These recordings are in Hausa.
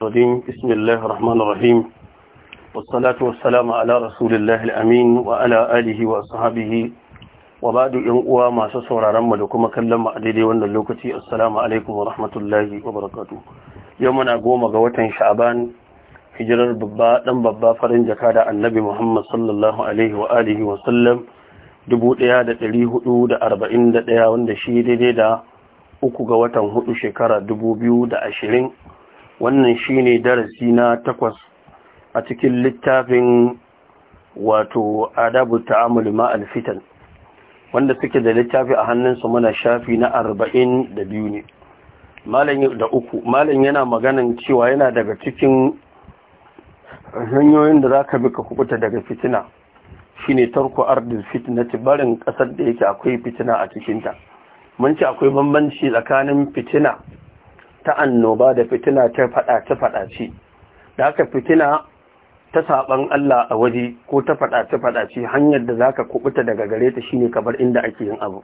الرجيم بسم الله الرحمن الرحيم والصلاة والسلام على رسول الله الأمين وعلى آله وصحبه وبعد ينقوى ما سسورا رمى لكم كلم أدري وأن اللوكتي السلام عليكم ورحمة الله وبركاته يومنا قوم قوة شعبان hijirar babba dan babba farin jaka da annabi Muhammad sallallahu alaihi wa alihi wa sallam 1441 wanda shi daidai da uku ga watan hudu shekara 2020 wannan shine darasi na takwas a cikin littafin wato adabu ta'amul ma'al fitan wanda suke da littafi a hannunsu muna shafi na arba'in da biyu ne malin malam yana maganan cewa yana daga cikin hanyoyin da za ka bi ka kubuta daga fitina Shi ne tarko ardil fitnati barin kasar da yake akwai fitina a cikinta mun ce akwai bambanci tsakanin fitina ta annoba da fitina ta faɗace faɗace da aka fitina ta saban Allah a waje ko ta faɗace faɗace hanyar da za ka kuɓuta daga gare ta shine kabar inda ake yin abu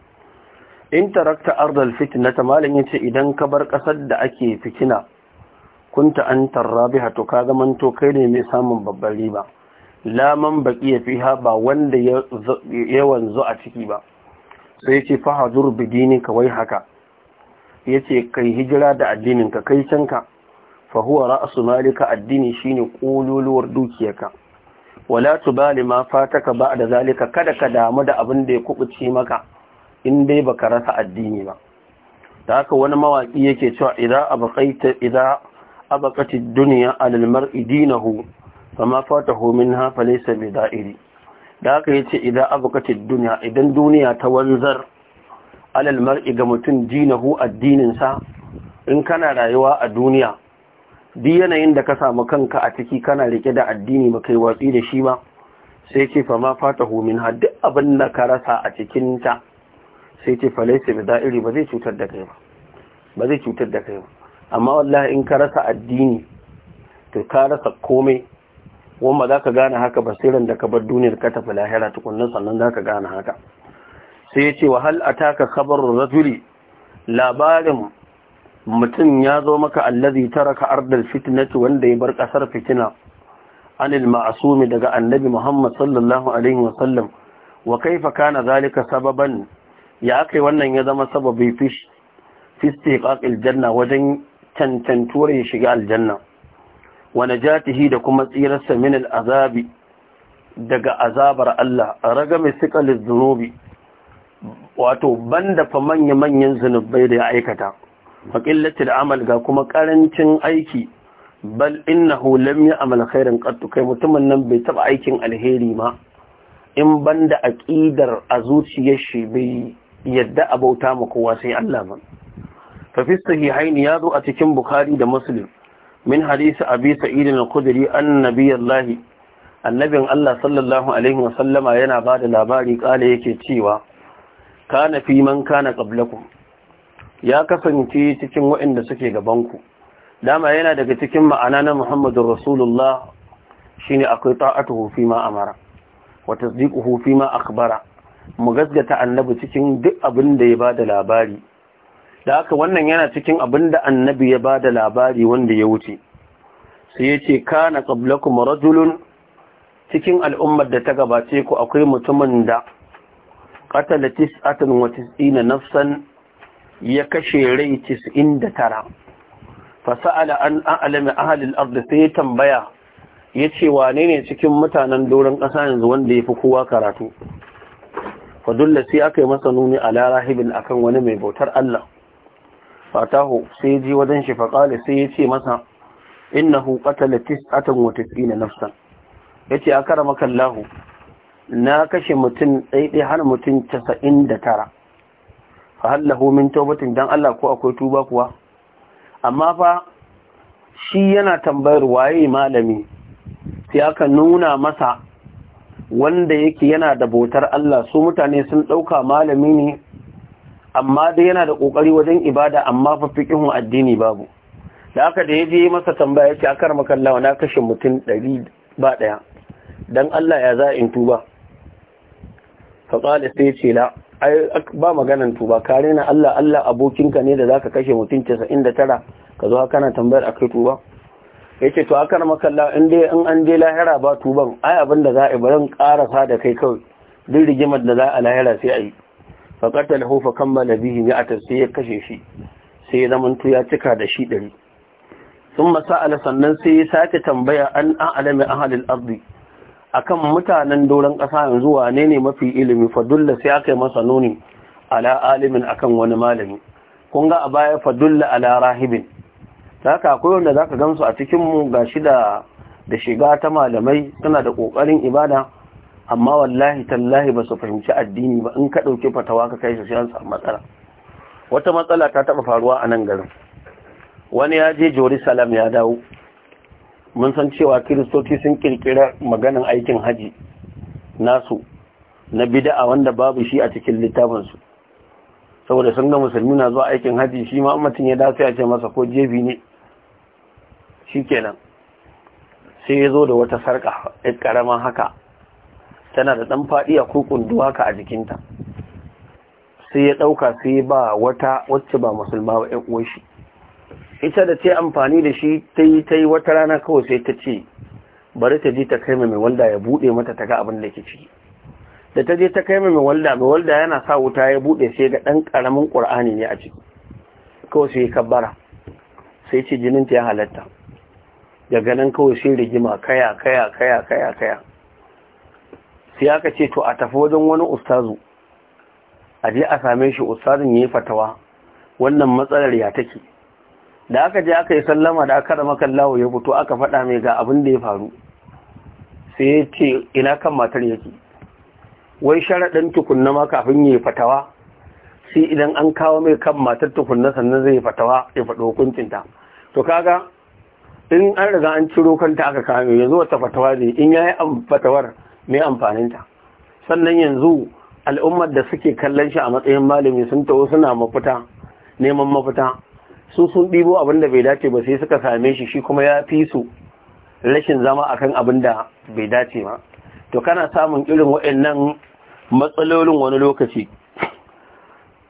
in tarakta ardal fitnata malam ce idan ka bar kasar da ake fitina kunta an tarrabiha to ka zaman to kai ne mai samun babbar riba laman baqiya fiha ba wanda ya wanzu a ciki ba sai yace fahadur bidini kawai haka ya ce kai hijira da addinin ka kai canka fa malika addini shine ƙululuwar dukiyarka wala tubali ma fataka da zalika kada ka damu da abin da ya kubuce maka in dai baka rasa addini ba da haka wani mawaki yake cewa idza abqaita idza abqati ad-dunya 'ala al-mar'i dinahu fama fatahu minha falaysa bida'iri da haka yace ce idan ad duniya, idan duniya ta wanzar alal mar'i ga mutum dinahu addininsa in kana rayuwa a duniya duk yanayin da ka samu kanka a ciki kana rike da addini ba kai watsi da shi ba sai ce fa ma fatahu min duk abin da ka rasa a cikin ta sai ce fa laysa bi da'iri ba zai cutar da kai ba ba zai cutar da kai ba amma wallahi in ka rasa addini to ka rasa komai wanda za ka gane haka basiran da ka bar duniyar ka tafi lahira tukunna sannan za ka gane haka sai ya ce wa hal taka khabarur rajuli labarin mutum ya zo maka allazi taraka ardar fitnati wanda ya bar kasar fitina anil ma'asumi daga annabi Muhammad sallallahu alaihi wa wa kaifa kana zalika sababan ya kai wannan ya zama sababi fish fi janna wajen cancantuwar ya shiga aljanna wa najatihi da kuma tsirarsa min al'azabi daga azabar Allah raga mai siqalil dhunubi wato banda fa manya-manyan zunubai da ya aikata faƙillaci da amal ga kuma ƙarancin aiki bal na ya amal khairan ƙattu kai mutumin nan bai taɓa aikin alheri ma in banda da a zuciyar shi bai yadda bauta ma kowa sai Allah ba fa haini ya zo a cikin bukhari da muslim min hadisi abi sa'id al-khudri annabi Allah annabin Allah sallallahu alaihi wa sallama yana da labari kale yake cewa kana fi man kana qablakum ya kasance cikin waɗanda suke gabanku dama yana daga cikin ma'ana na Muhammadur Rasulullah shine akwai ta'atuhu fi ma amara wa tasdiquhu fi ma akhbara mu gaskata annabi cikin duk abin da ya bada labari da haka wannan yana cikin abin da annabi ya bada labari wanda ya wuce sai yace kana qablakum rajulun cikin al'ummar da ta gabace ku akwai mutumin da qatala tis'atan wa nafsan ya kashe rai 99 fa sa'ala an a'lama ahalin al-ard sai tambaya yace wane ne cikin mutanen doron ƙasa yanzu wanda ya fi kowa karatu fa sai aka yi masa nuni ala rahibin akan wani mai bautar Allah Fataho sai ji wajen shi faqala sai yace masa innahu qatala tis'atan wa tis'ina nafsan yace akaramaka Allah na kashe mutum ɗaiɗai har mutum casa'in da tara fa hallahu min taubatin Don Allah ko akwai tuba kuwa amma fa shi yana tambayar waye malami sai aka nuna masa wanda yake yana da bautar Allah su mutane sun ɗauka malami ne amma dai yana da ƙoƙari wajen ibada amma fa fiqhun addini babu da aka da ya je masa tambaya yace akar makalla, na kashe mutum ɗari ba ɗaya dan Allah ya za in tuba faƙali sai ce na ba maganan tuba kare na Allah Allah abokinka ne da za ka kashe mutum casa'in da tara ka zo haka na tambayar a kai tuba ya ce to a makalla inda in an je lahira ba tuban ai abin da za a ibarin karasa da kai kawai duk rigimar da za a lahira sai a yi faƙatar hufa kammala bihi ya a sai ya kashe shi sai ya zama ya cika da shi ɗari sun ala sannan sai ya sake tambaya an an alami ahalil arzi akan mutanen doron ƙasa yanzu wane ne mafi ilimi fadulla sai aka yi masa nuni ala alimin akan wani malami kun ga a baya fadulla ala rahibin ta haka akwai wanda za ka gamsu a cikinmu ga shi da shiga ta malamai suna da ƙoƙarin ibada amma wallahi tallahi ba su fahimci addini ba in ka ɗauki fatawa ka kai shi sai matsala wata matsala ta taɓa faruwa a nan garin wani ya je jerusalem ya dawo mun san cewa kiristoci sun kirkira maganin aikin haji nasu na bid'a wanda babu shi a cikin littafinsu saboda sun ga musulmi na zuwa aikin haji shi ma mutum ya dace ya ce masa ko jebi ne Shi kenan sai ya zo da wata sarka ƙarama haka tana da ɗan faɗi a kukun duwaka a jikinta sai ya ɗauka sai ba wata wacce ba musulma ba ya uwan shi ita da ce amfani da shi ta yi ta yi wata rana kawai sai ta ce bari ta je ta kai mai walda ya buɗe mata ta ga abin da ke ciki da ta je ta kai mai walda mai walda yana sa wuta ya buɗe sai ga ɗan ƙaramin ƙur'ani ne a ciki kawai sai kabbara sai ce jinin ta ya halatta daga ganin kawai sai rigima kaya kaya kaya kaya kaya sai aka ce to a tafi wajen wani ustazu a je a same shi ustazun ya yi fatawa wannan matsalar ya take da aka je aka yi sallama da aka rama kallawo ya fito aka faɗa mai ga abin da ya faru sai ya ce ina kan matar yake wai sharaɗin tukunna ma kafin ya yi fatawa sai idan an kawo mai kan matar tukunna sannan zai fatawa ya hukuncin ta? to kaga in an riga an ciro kanta aka kame yanzu wata fatawa ne in ya yi fatawar mai amfaninta sannan yanzu al'ummar da suke kallon shi a matsayin malami sun taho suna mafita neman mafita su sun ɗibo abin da bai dace ba sai suka same shi shi kuma ya fi su rashin zama akan abin da bai dace ba to kana samun irin waɗannan matsalolin wani lokaci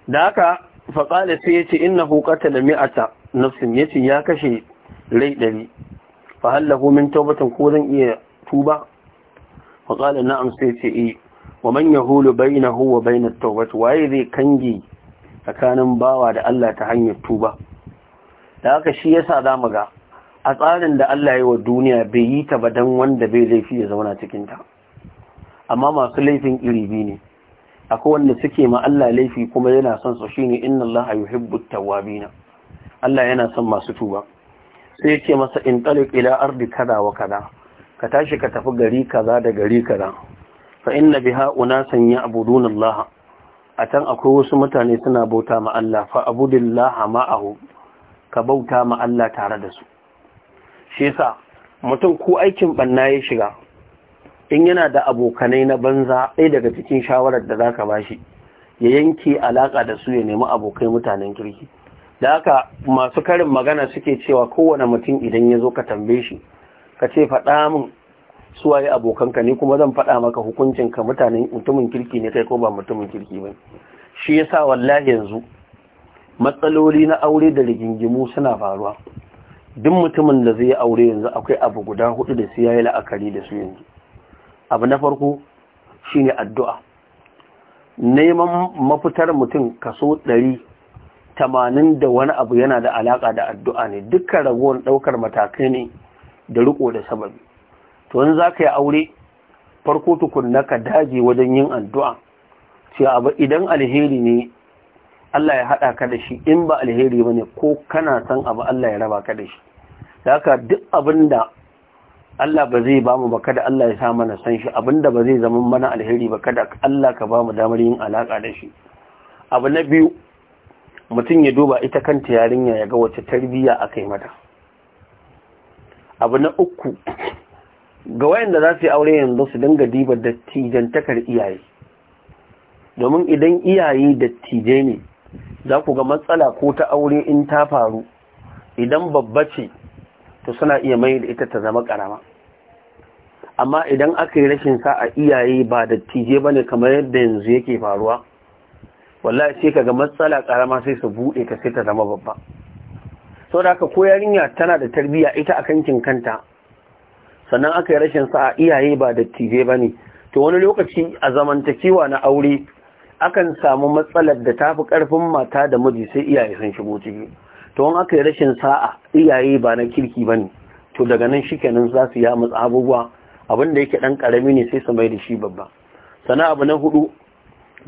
da haka faƙalis sai ya ce ina hukata da mi'ata nafsin ya ce ya kashe rai ɗari fa hallahu min taubatan ko zan iya tuba na amsa ya ce e wa bai na huwa bai na tawbat waye zai kange tsakanin bawa da Allah ta hanyar tuba da haka shi ya sa mu ga a tsarin da Allah ya yi wa duniya bai yi ta ba don wanda bai laifi ya zauna cikinta amma masu laifin iri bi ne akwai wanda suke ma Allah laifi kuma yana son su shine inna Allah yuhibbu tawwabina Allah yana son masu tuba sai yake masa in taliq ila ardi kada wa kada. ka tashi ka tafi gari kaza da gari kaza fa inna biha unasan ya'buduna Allah a can akwai wasu mutane suna bauta ma Allah fa abudillaha ma'ahu ka bauta ma Allah tare da su shi yasa mutum ko aikin banna ya shiga in yana da abokanai na banza ɗaya daga cikin shawarar da zaka bashi ya yanke alaka da su ya nemi abokai mutanen kirki da haka masu karin magana suke cewa kowane mutum idan ya zo ka tambaye shi ka ce faɗa min su suwaye abokanka ni, kuma zan faɗa maka hukuncin ka mutanen mutumin kirki ne kai ko ba mutumin kirki ba shi yasa wallahi yanzu matsaloli na aure da rigingimu suna faruwa duk mutumin da zai aure yanzu akwai abu guda hudu da su yayi la'akari da su yanzu abu na farko shine addu'a neman mafitar mutum kaso ɗari tamanin da wani abu yana da alaƙa da addu'a ne dukkan ragowar ɗaukar matakai ne da riko da sababi to wani za ka yi aure farko tukun ka daji wajen yin addu'a ce abu idan alheri ne Allah ya haɗa ka da shi in ba alheri ba ne ko kana san abu Allah ya raba ka da shi da haka duk abin da Allah ba zai ba mu ba kada Allah ya sa mana san shi abin da ba zai zama mana alheri ba kada Allah ka ba mu damar yin alaƙa da shi abu na biyu mutum ya duba ita kanta yarinya ya ga wace tarbiyya aka yi mata abu na uku ga wayanda za su yi aure yanzu su dinga diba dattijantakar iyaye domin idan iyaye dattijai ne za ku ga matsala ko ta aure in ta faru idan babba ce to suna iya mai da ita ta zama karama amma idan aka yi rashin sa a iyaye ba da tije ba kamar yadda yanzu yake faruwa wallahi sai kaga matsala karama sai su buɗe ka sai ta zama babba sau haka ko yarinya tana da tarbiyya ita a kankin kanta sannan aka yi rashin sa a iyaye ba da tije ba to wani lokaci a zamantakewa na aure akan samu matsalar da ta fi karfin mata da miji sai iyaye sun shigo ciki to an aka yi rashin sa'a iyaye ba na kirki ne, to daga nan shikenan za su ya matsa abubuwa abin da yake dan karami ne sai su mai da shi babba sana abu na hudu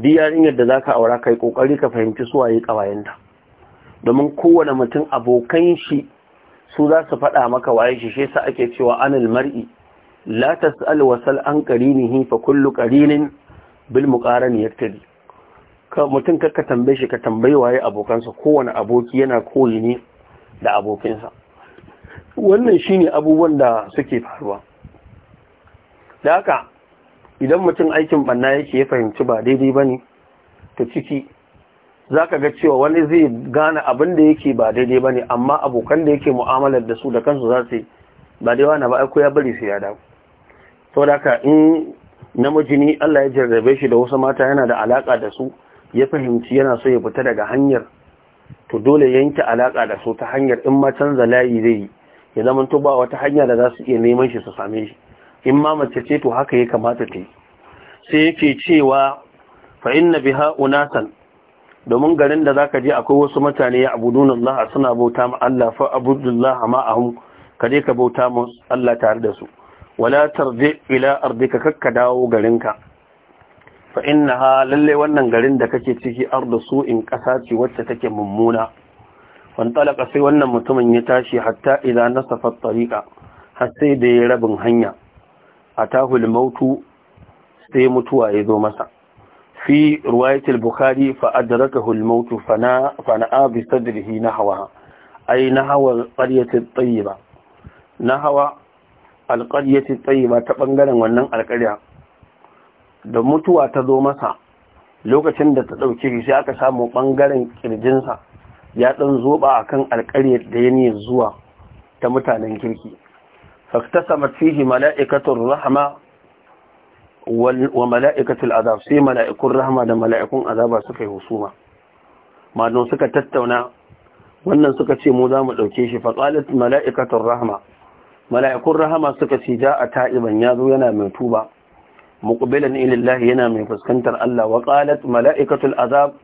duk yarinyar da zaka aura kai kokari ka fahimci su waye kawayenta domin kowane mutum abokan shi su za su faɗa maka waye shi shi sa ake cewa anil mar'i la tas'al wasal an qarinihi fa kullu qarinin bil muqaran yaktadi ka mutum ka tambaye shi ka tambayi waye abokansa kowane aboki yana koyi ne da abokinsa wannan shine abubuwan da suke faruwa da haka idan mutum aikin banna yake ya fahimci ba daidai ba ne, ta ciki zaka ga cewa wani zai gane abin da yake ba daidai ba ne amma abokan da yake mu'amalar da su da kansu za su ba dai na ba aiko ya bari su ya dawo da haka in namiji ne Allah ya jarrabe shi da wasu mata yana da alaka da su ya fahimci yana so ya fita daga hanyar to dole yanke alaka da su ta hanyar in ma canza layi zai yi ya zama to ba wata hanya da za su iya neman shi su same shi in ma mace ce to haka ya kamata ta yi sai yake cewa fa inna biha unatan domin garin da zaka je akwai wasu mutane ya abudun Allah suna bauta ma Allah fa abudullah ma'ahum ka je ka bauta mu Allah tare da su wala tarji ila ardika kakka dawo garinka fa ha lalle wannan garin da kake ciki ardu su'in ƙasa ce wacce take mummuna talaka sai wannan mutumin ya tashi hatta idan nasafa tariqa har sai da ya rabin hanya atahul mautu sai mutuwa ya zo masa fi ruwayatul bukhari fa adrakahu al maut fana fana bi sadrihi nahwa ay nahwa al qaryati tayyiba nahwa al qaryati tayyiba ta bangaren wannan alƙarya da mutuwa ta zo masa lokacin da ta ɗauke shi sai aka samu ɓangaren ƙirjinsa ya ɗan zoɓa a kan alƙaryar da ya niyar zuwa ta mutanen kirki sama fihi mala'ikatar rahama wa mala'ikatar azab sai mala'ikun rahama da mala'ikun azaba suka yi husuma malon suka tattauna wannan suka ce mu za mu ɗauke shi faƙalat mala'ikatun rahama mala'ikun rahama suka ce ja a ta'iban ya zo yana mai tuba muqbilan ilillahi yana mai fuskantar Allah wa qalat mala'ikatul azab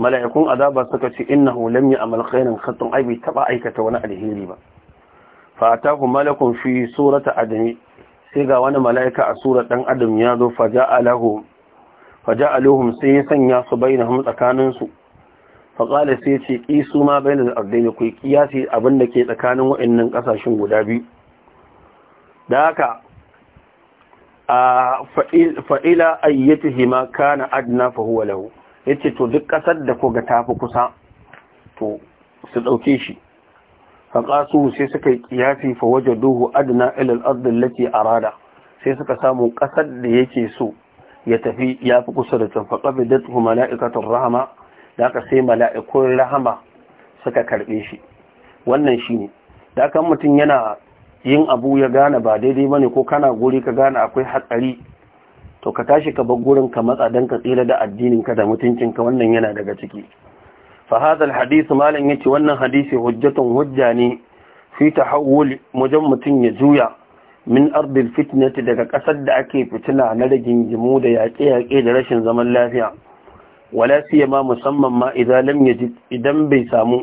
mala'ikun azaba suka ce innahu lam ya'mal khairan khatun ai taba aikata wani alheri ba fa atahu malakun fi surata adami sai ga wani mala'ika a surar dan adam ya zo faja'alahu faja'aluhum sai ya sanya su bainahum tsakaninsu faƙalar sai ce ƙisu ma bai da ardaini ku kiyasi abinda ke tsakanin waɗannan ƙasashen guda biyu da haka fa'ila ayyata hima kana adna fa huwa lahu yace to duk ƙasar da koga tafi kusa to su dauke shi Faƙasu sai suka yi qiyasi fa wajaduhu adna ila al-ard allati arada sai suka samu ƙasar da yake so ya tafi ya fi kusa da can fa qabidatuhu mala'ikatur rahama da aka sai mala'ikun rahama suka karbe shi wannan shine da kan mutum yana yin abu ya gane ba daidai bane ko kana guri ka gane akwai hatsari to ka tashi ka bar gurin ka matsa dan ka tsira da addinin ka da mutuncin ka wannan yana daga ciki fa hadha alhadith malan yace wannan hadisi hujjatun hujja ne fi tahawul wajen mutun ya juya min ardil fitnati daga kasar da ake fitina na jimu da yaƙe-yaƙe da rashin zaman lafiya wala ma musamman ma idan lam yajid idan bai samu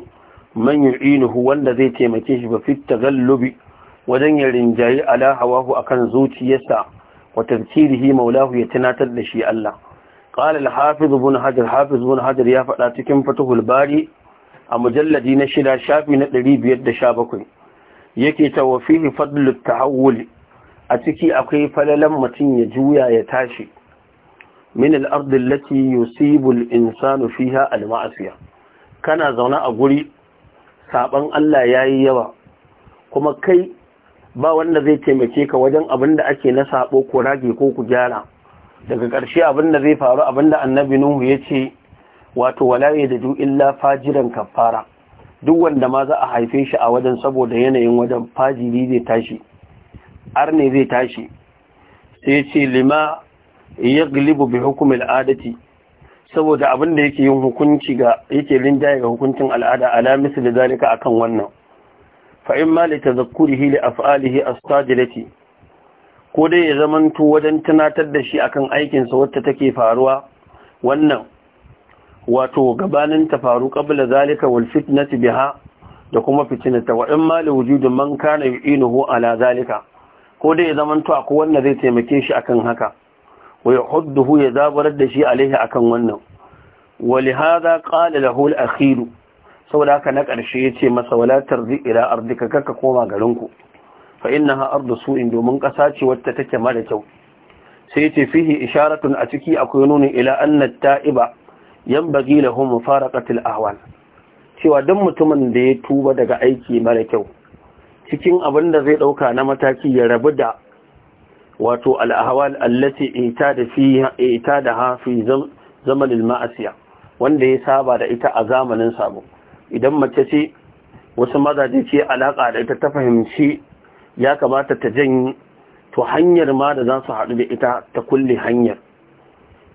man yu'inuhu wanda zai taimake shi ba fit taghallubi wajen ya rinjayi ala hawahu akan zuciyarsa wa tafsirihi maulahu ya tunatar da shi Allah qala al-hafiz ibn hajar hafiz ibn hajar ya faɗa cikin fathul bari a mujalladi na shida shafi na 517 yake ta wa fihi fadlut tahawul a ciki akwai falalan mutum ya juya ya tashi min al-ard allati yusibu al-insanu fiha al-ma'siyah kana zauna a guri saban Allah yayi yawa kuma kai ba wanda zai taimake ka wajen abin da ake na sabo ko rage ko ku gyara daga ƙarshe abin da zai faru abin da annabi nuhu ya ce wato walaye da ju illa fajiran kafara duk wanda ma za a haife shi a wajen saboda yanayin wajen fajiri zai tashi arne zai tashi sai ce lima ya gilibu bi hukumar adati saboda abin da yake yin hukunci ga yake linjaya ga hukuncin al'ada ala misali zalika akan wannan fa'in ma hili a li a astajilati ko dai ya zamanto wajen tunatar da shi akan aikinsa wacce take faruwa wannan wato gabanin ta faru kabla zalika wal fitnati biha da kuma fitinata wa ma li wujudi man kana yu'inuhu ala zalika ko dai ya zamanto akwai wanda zai taimake shi akan haka wa yahudduhu ya zabarar da shi alaihi akan wannan ولهذا قال له akhiru saboda haka na ƙarshe ya ce masa walatar ila ka kaka koma garinku fa ha'ar ha su in domin ƙasa ce wata take mara kyau sai ce fihi isharatun a ciki akwai nuni ila na ta'iba homo fara mufaraqatil ahwal cewa don mutumin da ya tuba daga aiki mara kyau cikin abin da zai ɗauka na mataki ya rabu da wato alahwal allati ita da fi ita da hafi zamanin ma'asiya wanda ya saba da ita a zamanin sabo idan mace ce wasu mazaje ce alaƙa da ita ta fahimci ya kamata ta janyi to hanyar ma da za su haɗu da ita ta kulle hanyar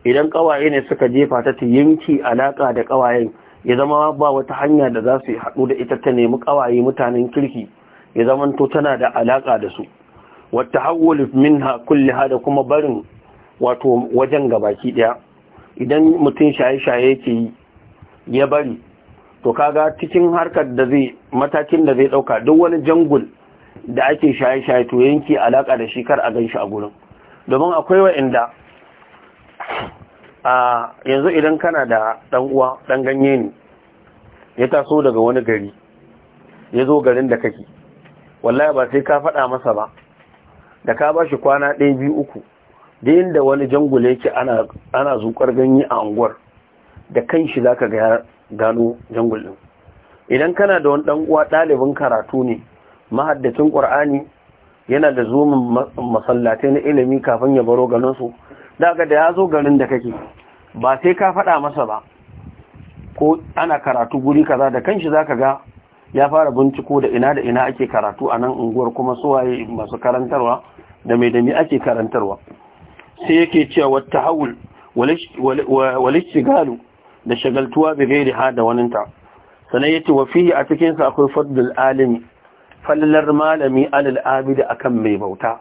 idan ƙawaye ne suka jefa ta ta yanki alaƙa da ƙawayen ya zama ba wata hanya da za su haɗu da ita ta nemi ƙawaye mutanen kirki ya zamanto tana da alaƙa da su wata ha, kulle kulliha da kuma barin wato wajen gabaki ɗaya idan mutum shaye-shaye yake yi ya bari to kaga cikin harkar da zai matakin da zai dauka duk wani jangul da ake shaye-shaye to yanki alaka da shi kar a gan shi a gurin domin akwai wa'inda a yanzu idan kana da dan uwa dan ganye ne ya taso daga wani gari ya zo garin da kake wallahi ba sai ka faɗa masa ba da ka ba shi kwana ɗaya biyu uku da inda wani jangule yake ana zukar ganye a unguwar da kan shi za ka ga gano jangul ɗin idan kana da wani ɗan uwa ɗalibin karatu ne mahaddacin ƙur'ani yana da zumin masallatai na ilimi kafin ya baro garinsu daga da ya zo garin da kake ba sai ka faɗa masa ba ko ana karatu guri kaza da kanshi zaka ga ya fara binciko da ina da ina ake karatu a nan unguwar kuma suwaye masu karantarwa da mai dami ake karantarwa sai yake cewa wata hawul walishigalu da shagaltuwa bi gairi ha da waninta sannan yace wa fihi a cikin sa akwai fadlul alimi fallar malami alal abidi akan mai bauta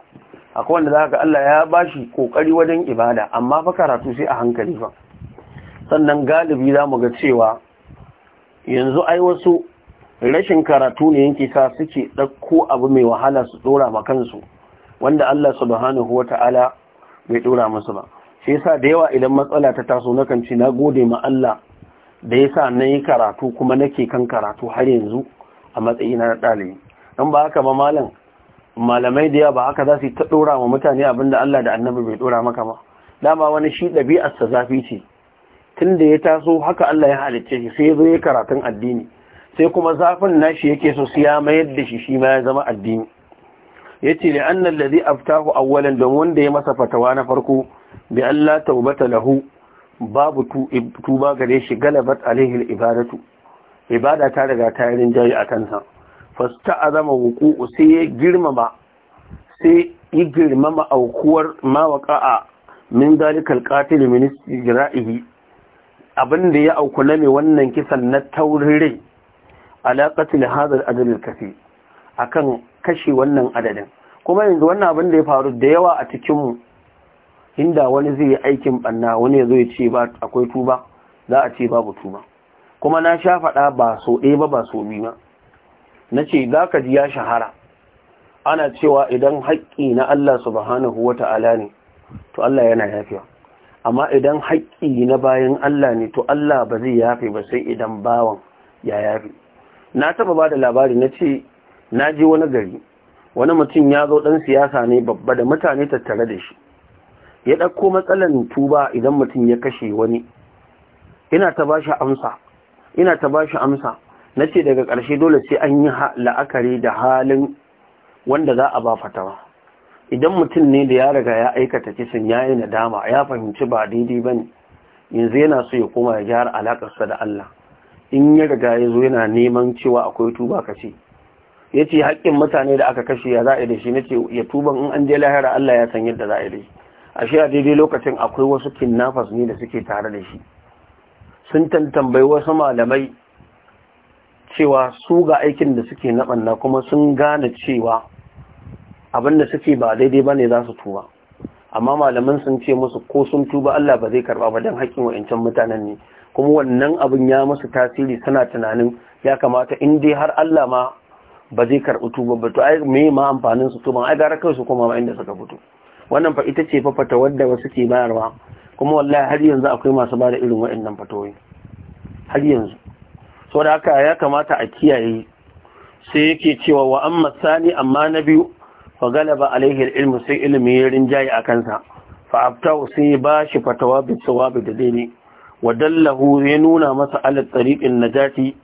akwai wanda zaka Allah ya bashi kokari wajen ibada amma fa karatu sai a hankali fa sannan galibi zamu ga cewa yanzu ai wasu rashin karatu ne yake sa suke dauko abu mai wahala su ɗora ma kansu wanda Allah subhanahu wata'ala bai ɗora musu ba shi yasa da yawa idan matsala ta taso na kan ci na gode ma Allah da yasa na yi karatu kuma nake kan karatu har yanzu a matsayina na ɗalibi don ba haka ba malam malamai da yawa ba haka za su ta ɗora ma mutane abin da Allah da annabi bai ɗora maka ba dama wani shi ɗabi'ar sa zafi ce tun da ya taso haka Allah ya halicce shi sai ya zo ya karatun addini sai kuma zafin nashi yake so su ya mayar da shi shi ma ya zama addini yace li anna alladhi aftahu awwalan don wanda ya masa fatawa na farko bi Allah taubata lahu babu tuba gare shi galabat alaihi ibadatu ibada ta daga ta yi jayi a kansa fasta azama wuku sai ya girmama sai yi girmama aukuwar mawaka a min dalikal qatil min ijra'ihi abinda ya auku na mai wannan kisan na taurin rai hadal hadar kafi akan kashe wannan adadin kuma yanzu wannan abin da ya faru da yawa a cikin mu inda wani zai yi aikin banna wani ya ya ce ba akwai tuba za a ce babu tuba kuma na sha faɗa ba so ɗaya ba ba so biyu ba na ce za ka ji ya shahara ana cewa idan haƙƙi na Allah subhanahu wa ta'ala ne to Allah yana yafiya amma idan haƙƙi na bayan Allah ne to Allah ba zai yafe ba sai idan bawan ya yafi. na taɓa ba da labari na ce na ji wani gari wani mutum ya zo ɗan siyasa ne babba da mutane tattare da shi ya ɗauko matsalan tuba idan mutum ya kashe wani ina ta bashi amsa ina ta bashi amsa na ce daga ƙarshe dole sai an yi la'akari da halin wanda za a ba fatawa idan mutum ne da ya riga ya aikata kisan ya yi nadama ya fahimci ba daidai ba ne yanzu yana so ya koma ya gyara alaƙarsa da Allah in ya riga ya zo yana neman cewa akwai tuba ka ce ya ce haƙƙin mutane da aka kashe ya za yi da shi na ce ya tuban in an je lahira Allah ya san yadda za a yi ashe a daidai lokacin akwai wasu kinnafas ne da suke tare da shi sun tantambai wasu malamai cewa su ga aikin da suke naɓanna kuma sun gane cewa abinda suke ba daidai ba ne za su tuba amma malaman sun ce musu ko sun tuba Allah ba zai karɓa ba don haƙƙin wa'incan mutanen ne kuma wannan abin ya musu tasiri suna tunanin ya kamata in dai har Allah ma ba zai karɓi tuba ba to ai me ma amfanin su tuban ai gara kai su koma ma inda suka fito wannan fa ita ce fafata wadda wasu ke bayarwa kuma wallahi har yanzu akwai masu bada irin waɗannan fatoyi har yanzu so da haka ya kamata a kiyaye sai yake cewa wa amma sani amma na biyu fa galaba alaihi ilmu sai ilimi ya rinjaye a kansa fa abtahu sai ba shi fatawa bi sawabi da dai wa dallahu ya nuna masa ala tariqin najati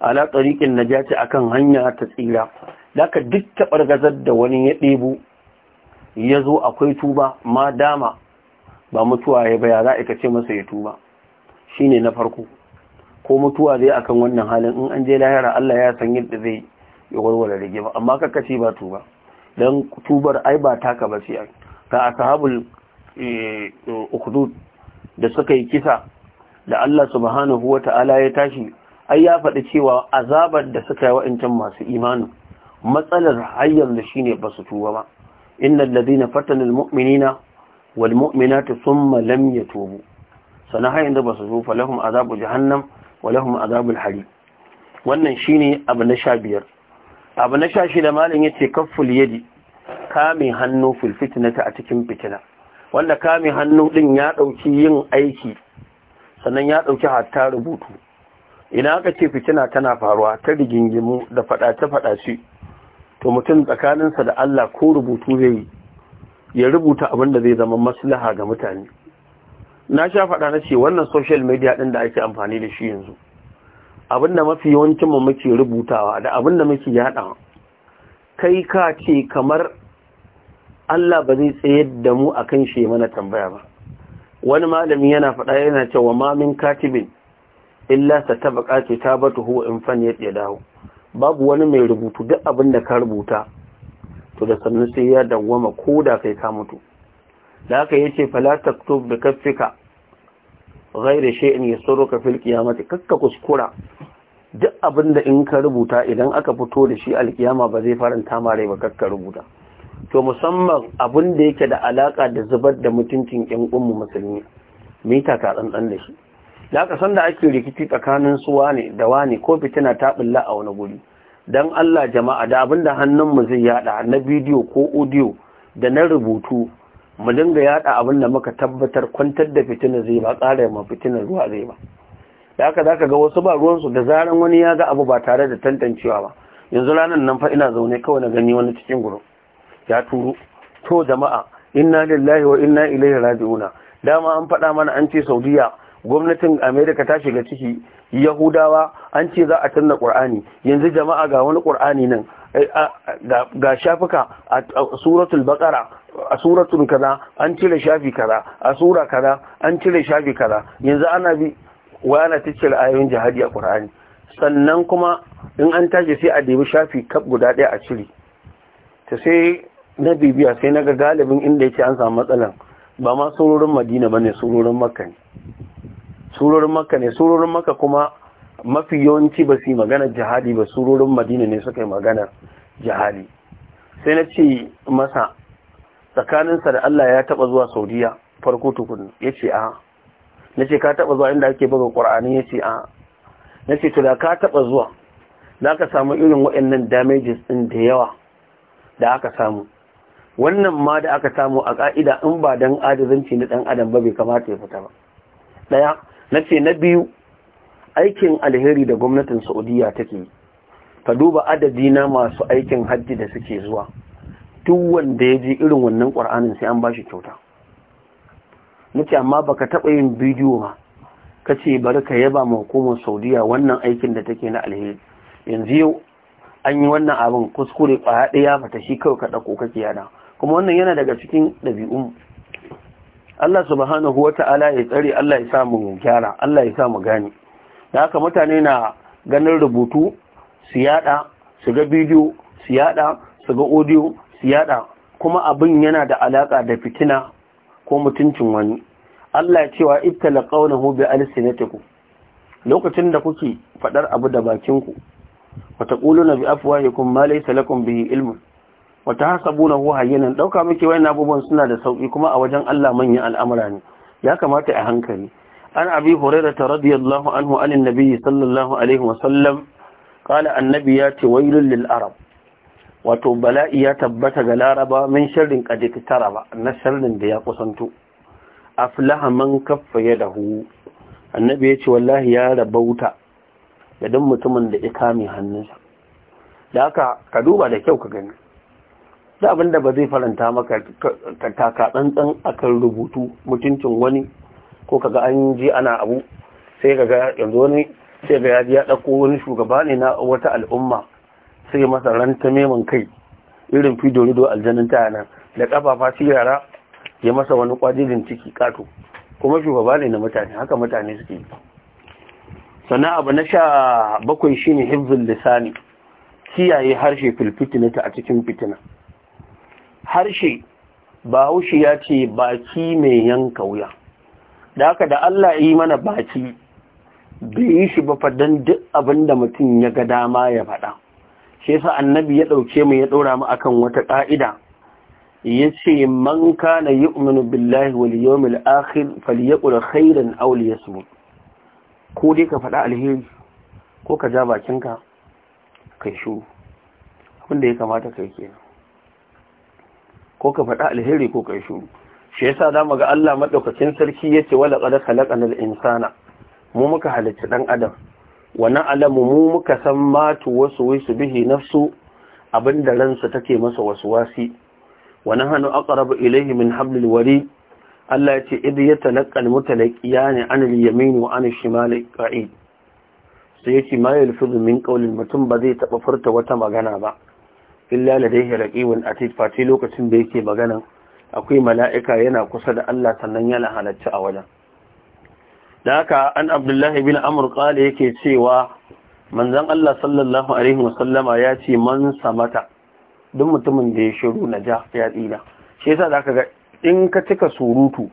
ala tariqin najati akan hanya ta tsira laka duk bargazar da wani ya ɗebo ya zo akwai tuba ma dama ba mutuwa ya baya za a ce masa ya tuba shi ne na farko ko mutuwa zai akan wannan halin in an je lahira Allah ya san yadda zai ya warware rage ba amma ka ce ba tuba don tubar ai ba taka ba ce ta ashabul eh, ukhdud da suka yi kisa da Allah subhanahu wata'ala ya tashi ai ya faɗi cewa azabar da suka yi wa'incan masu imani matsalar har yanzu shine ba su tuba ba innal ladina fatanal mu'minina wal mu'minati thumma lam yatubu sana inda basu zo falahum azabu jahannam wa lahum azabul hari wannan shine abu na 15 abu na 16 malin yace kafful yadi kame hannu fil a cikin fitina wanda kame hannu din ya dauki yin aiki sannan ya dauki hatta rubutu ina aka ce fitina tana faruwa ta rigingimu da fadace fadace to mutum tsakaninsa da Allah ko rubutu zai yi ya rubuta abin da zai zama maslaha ga mutane na sha faɗa na ce wannan social media ɗin da ake amfani da shi yanzu abin da mafi yawancin mu muke rubutawa da abin da muke yaɗa kai ka ce kamar Allah ba zai tsayar da mu akan shi mana tambaya ba wani malami yana faɗa yana cewa ma min katibin illa satabqa huwa in fan yadahu babu wani mai rubutu duk abin da ka rubuta to da sannan sai ya dawwama ko da kai ka mutu da haka yace fala taktub bi kaffika ghayra shay'in yasuruka fil qiyamati kakka kuskura duk abin da in ka rubuta idan aka fito da shi alkiyama ba zai faranta mare ba kakka rubuta to musamman abin da yake da alaka da zubar da mutuncin yan ummu musulmi mita ka tsantsan da shi da aka san da ake rikici tsakanin su wane da wane ko fitina ta bulla a wani guri dan Allah jama'a da abinda hannunmu zai yada na bidiyo ko audio da na rubutu mu dinga yada abin da muka tabbatar kwantar da fitina zai ba ƙara ma fitina ruwa zai ba da haka zaka ga wasu ba ruwan su da zaran wani ya ga abu ba tare da tantancewa ba yanzu ranan nan fa ina zaune kawai na gani wani cikin gurin ya turo to jama'a inna lillahi wa inna ilaihi raji'una dama an faɗa mana an ce saudiya gwamnatin amerika ta shiga ciki yahudawa an ce za a canza ƙur'ani yanzu jama'a ga wani ƙur'ani nan eh, ga shafuka a suratul baƙara a suratul kaza an cire shafi kaza a sura kaza an cire shafi kaza yanzu ana bi wa ana ta cire ayoyin jihadi a ƙur'ani sannan kuma in an tashi sai a debi shafi kaf guda ɗaya a cire ta sai na bibiya sai na ga galibin inda yake an samu matsalan ba ma surorin madina ba ne surorin makka ne surorin makka ne surorin makka kuma mafi yawanci ba su yi magana jihadi ba surorin madina ne suka yi magana jihadi sai na ce masa tsakaninsa da Allah ya taba zuwa saudiya farko tukun ya ce a na ce ka taba zuwa inda ake buga ƙwar'ani ya ce a na ce to ka taba zuwa za ka samu irin waɗannan damages ɗin da yawa da aka samu wannan ma da aka samu a ƙa'ida in ba don adazanci na ɗan adam ba bai kamata ya fita ba ɗaya na ce na biyu aikin alheri da gwamnatin saudiya take ka duba adadi na masu aikin hajji da suke zuwa duk wanda ya ji irin wannan ƙwar'anin sai an ba shi kyauta nace amma baka taɓa yin bidiyo ba ka ce bari ka yaba ma hukumar saudiya wannan aikin da take na alheri yanzu yau an yi wannan abin kuskure kwaya ɗaya ta shi kawai ka ɗauko kake yada kuma wannan yana daga cikin ɗabi'un Allah subhanahu wata'ala ya tsare Allah ya samu gyara Allah ya samu gani da haka mutane na ganin rubutu su yada su ga bidiyo su yada su ga odiyo, su yada kuma abin yana da alaƙa da fitina ko mutuncin wani Allah ya cewa ibtala qawluhu bi alsinatikum lokacin da kuke faɗar abu da bakin ku wa taquluna bi afwahikum ma laysa lakum bihi ilmun wata hasabuna huwa hayyanan dauka muke wayan abubuwan suna da sauki kuma a wajen Allah manyan al'amura ne ya kamata a hankali an abi hurairata radiyallahu anhu anin nabiyyi sallallahu alaihi wa sallam qala annabi ya ce wailul lil arab wato bala'i ya tabbata ga laraba min sharrin qad taraba na sharrin da ya kusanto aflaha man kaffa yadahu annabi ya ce wallahi ya rabauta da dan mutumin da ya kame hannunsa da haka ka duba da kyau ka gani da abin da ba zai faranta maka taka tsantsan kan rubutu mutuncin wani ko kaga an ji ana abu sai kaga yanzu wani sai ga ya dauko wani shugaba ne na wata al'umma sai masa ranta meman kai irin fido rido aljanin ta nan da kafafa su ya masa wani kwajirin ciki kato kuma shugaba ne na mutane haka mutane suke sannan abu na sha bakwai shine hifzul lisani kiyaye harshe filfitinata a cikin fitina harshe bahaushe ya ce baki mai yanka wuya da haka da Allah yi mana baki bai yi shi ba fadan duk abin da mutum ya ga dama ya faɗa shi yasa annabi ya ɗauke mu ya ɗora mu akan wata ƙa'ida ya ce man kana yu'minu billahi wal yawmil akhir falyaqul khairan aw liyasmut ko dai ka faɗa alheri ko ka ja bakinka kai shu abin da ya kamata kai kenan ko ka faɗa alheri ko kai shuru shi yasa zamu ga Allah madaukakin sarki yace wala qad khalaqnal insana mu muka halicci dan adam wa alamu mu muka san matu wasu wasu bihi nafsu abinda ransa take masa wasu wasi wa hanu aqrabu ilayhi min hablil warid Allah yace idh yatalaqal mutalaqiyani anil yamin wa anil shimali qa'id sai yace ma yalfizu min qawlin mutum ba zai taba furta wata magana ba illa ladaihi raqibun atid fati lokacin da yake magana akwai mala'ika yana kusa da Allah sannan yana halarci a wajen da haka an abdullahi bin amr qala yake cewa manzon Allah sallallahu alaihi wasallama ya ce man samata duk mutumin da ya shiru naja ya tsira shi yasa zaka ga in ka cika surutu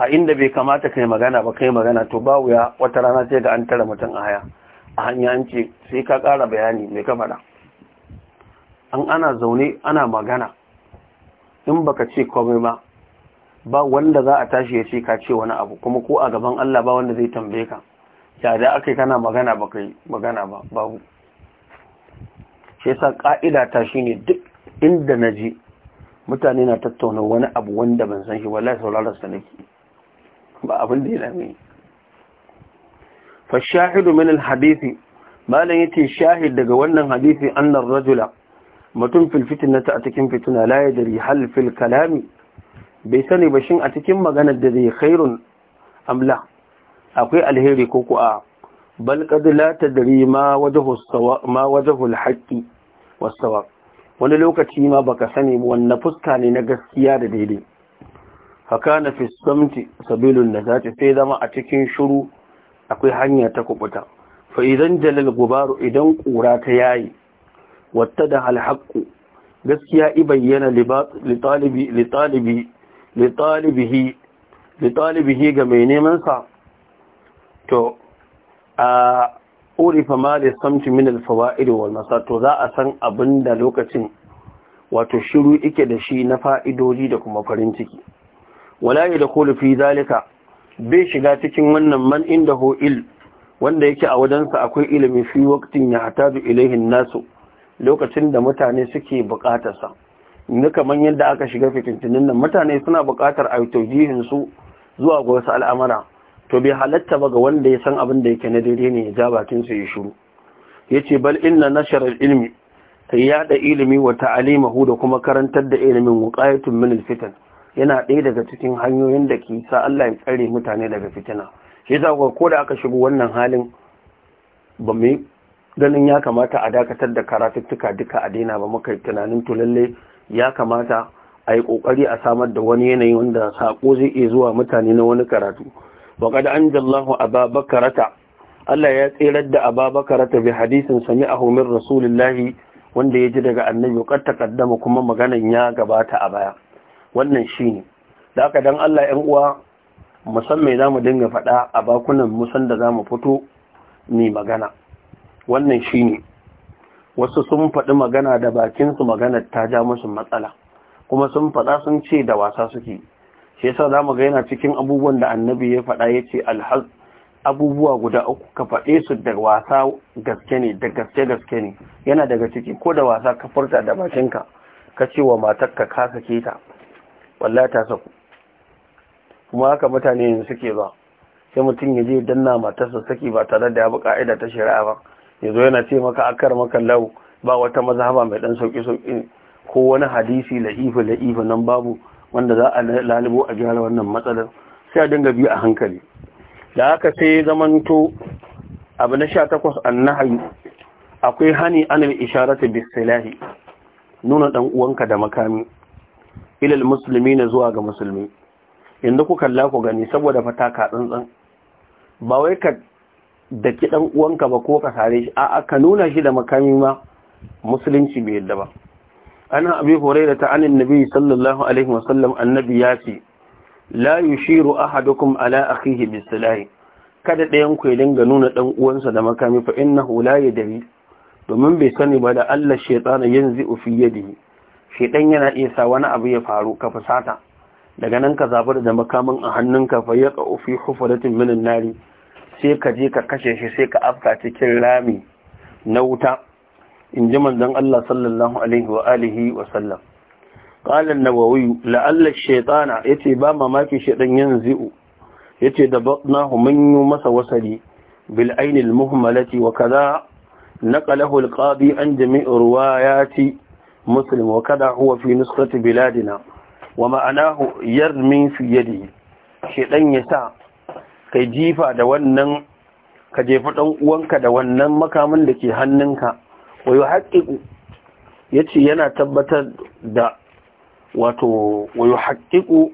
a inda bai kamata kai magana ba kai magana to ba wuya wata rana sai ga an tara mutum a haya a hanya an ce sai ka ƙara bayani mai ka an ana zaune ana magana in baka ce komai ba ba wanda za a tashi ya ce ka ce wani abu kuma ko a gaban Allah ba wanda zai tambaye ka ya da aka kana magana ba kai magana ba babu shi yasa ka'ida ta shine duk inda je mutane na tattauna wani abu wanda ban san shi wallahi sauraron sa nake ba abin da yana mai fa shahidu min al hadisi malan yace shahid daga wannan hadisi annar rajula mutum fil fitnati a cikin fituna la yadri hal fil kalami bai sani ba shin a cikin maganar da zai khairun amla akwai alheri ko ku a bal qad ma wajhu sawa ma wani lokaci ma baka sani wanne fuska ne na gaskiya da daidai haka na fi sabilun da zaci sai zama a cikin shuru akwai hanya ta kubuta fa idan jalal gubaru idan kura ta yayi wattada alhaqqu gaskiya i bayyana litalibihi ga mai neman sa to a urifa ma da samci min alfawa'id wal masar to za a san abin da lokacin wato shiru ike da shi na fa'idoji da kuma farin ciki wala ya da fi zalika bai shiga cikin wannan man inda ho'il wanda yake a wajensa akwai ilimin fi waktin ya hataju ilaihin nasu lokacin da mutane suke bukatarsa inda kaman yadda aka shiga fitintinin nan mutane suna bukatar a su zuwa ga wasu al'amara to bai halatta ba ga wanda ya san abin da yake na daidai ne ya ja su ya shiru yace ce bal inna nashar ilmi ta yada ilimi wa ta'alimahu da kuma karantar da ilimin wuqayatun min fitan yana ɗaya daga cikin hanyoyin da ke sa Allah ya tsare mutane daga fitina shi ko da aka shigo wannan halin ba mai. ganin ya kamata a dakatar da karatuttuka duka a daina ba muka tunanin to lalle ya kamata a yi kokari a samar da wani yanayi wanda sako zai iya zuwa mutane na wani karatu wa an jallahu ababakarata Allah ya tsirar da ababakarata bi hadisin a homin rasulullahi wanda ya ji daga annabi ta takaddama kuma maganan ya gabata a baya wannan shine da haka dan Allah 'yan uwa musamman zamu dinga faɗa a bakunan musan da mu fito ni magana wannan shi ne. wasu sun faɗi magana da bakinsu magana ta ja musu matsala kuma sun faɗa sun ce da wasa suke shi yasa za mu ga yana cikin abubuwan da annabi ya faɗa ya ce alhaz abubuwa guda uku ka faɗe su da wasa gaske ne da gaske gaske ne yana daga ciki ko da wasa ka furta da bakinka ka ce wa matarka ka sake ta wallahi ta saku kuma haka mutane yanzu suke ba sai mutum ya je danna matarsa saki ba tare da ya bi ka'ida ta shari'a ba ya zo yana ce maka akar maka lau ba wata mazhaba mai dan sauki sauki ko wani hadisi la'ifu la'ifu nan babu wanda za a lalibo a gyara wannan matsalar sai a dinga biyu a hankali da haka sai zamanto abu na sha takwas annahayi akwai hani anil isharatu bisilahi nuna dan uwanka da makami ilal musulmi na zuwa ga musulmi inda ku kalla ku gani saboda fata ka tsantsan ba wai ka da kiɗan uwanka ba ko ka sare shi a'a ka nuna shi da makami ma musulunci bai yadda ba ana abi huraira ta anin nabi sallallahu alaihi wasallam annabi ya ce la yushiru ahadukum ala akhihi bisalahi kada ɗayan ku ya dinga nuna ɗan uwansa da makami fa innahu la yadri domin bai sani ba da Allah shaytan yanzu fi yadihi shaytan yana iya sa wani abu ya faru ka fasata daga nan ka zabar da makamin a hannunka fa yaqa fi hufratin minan nari sai ka je ka kashe shi sai ka afka cikin rami na wuta in ji manzon Allah sallallahu alaihi wa alihi wa sallam qala an-nawawi la'alla ash-shaytana yace ba mamaki shaytan yanzu yace da batnahu mun yi masa wasali bil ayn al-muhmalati wa Kadha. naqalahu al-qadi an jami' riwayati muslim wa Kadha huwa fi nuskhati biladina wa ma'anahu yarmi fi yadihi shaytan yasa kai jifa da wannan ka jefa ɗan uwanka da wannan makamin da ke hannunka wayo haƙiƙu ya ce yana tabbatar da wato wayo haƙiƙu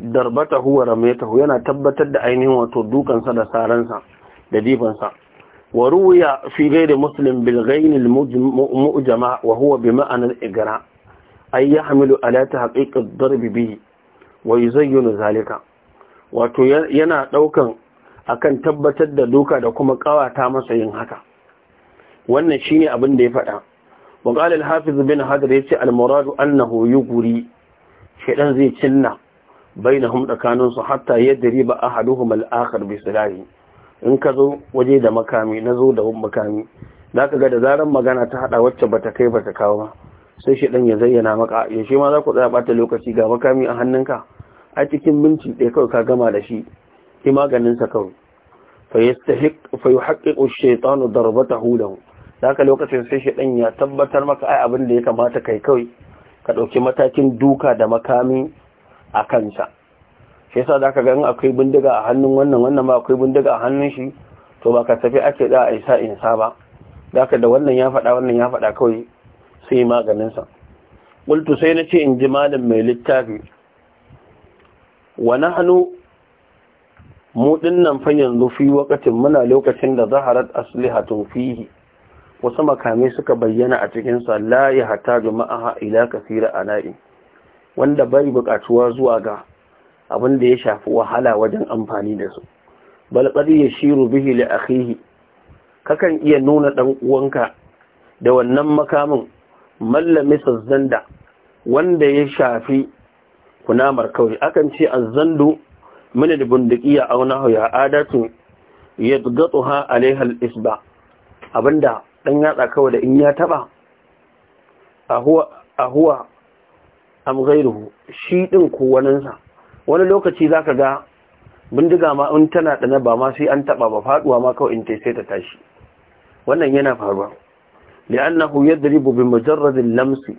darbata huwa rametahu yana tabbatar da ainihin wato dukansa da saransa da jifansa wa ruwiya fi gairi muslim bil ghaini mu'jama wa huwa bi ma'anar igra ay yahmilu ala tahqiq ad darbi bi wa yuzayyinu zalika wato yana ɗaukan akan tabbatar da doka da kuma ƙawata masa yin haka wannan shine abin da ya faɗa hafiz bin بن ya ce المراد أنه Guri شيطان zai cinna bainahum tsakaninsu hatta yadda riba ahaduhum al'akhar bi silahi in ka zo waje da makami na zo da makami zaka ga da zaran magana ta haɗa wacce bata kai ba ta kawo ba sai shi ya zayyana maka yaushe ma za ku tsaya bata lokaci ga makami a hannunka a cikin minti ɗaya kawai ka gama da shi ki maganin sa kawai fa yastahiq fa yuhaqqiqu ash-shaytanu darbatahu da haka lokacin sai ɗan ya tabbatar maka ai abin da ya kamata kai kawai ka ɗauki matakin duka da makami a kansa shi yasa zaka ga in akwai bindiga a hannun wannan wannan ba akwai bindiga a hannun shi to ba ka tafi ake da a isa insa ba zaka da wannan ya faɗa wannan ya faɗa kawai sai maganin sa qultu sai nace in ji malam mai littafi wa hannu mu dinnan fa yanzu fi muna lokacin da zaharat aslihatun fihi wasu makamai suka bayyana a cikin sa hata, yahtaju ma'aha ila kathira ana'i wanda bai buƙatuwa zuwa ga abin da ya shafi wahala wajen amfani da su ya qad yashiru bihi li akhihi kakan iya nuna dan uwanka da wannan makamin mallami zanda. wanda ya shafi kunamar kawai akan ce azzandu da al bindiki aw hau ya adatu Ya yadghatuha a al-isba abinda dan yatsa kawai da in ya taba ahuwa huwa am ghayruhu shi ɗin ko waninsa wani lokaci za ka ga bindiga ma in tana ɗana ba ma sai an taba ba faɗuwa ma kawai in ta sai ta tashi wannan yana faruwa li'annahu yadribu bi mujarradin lamsi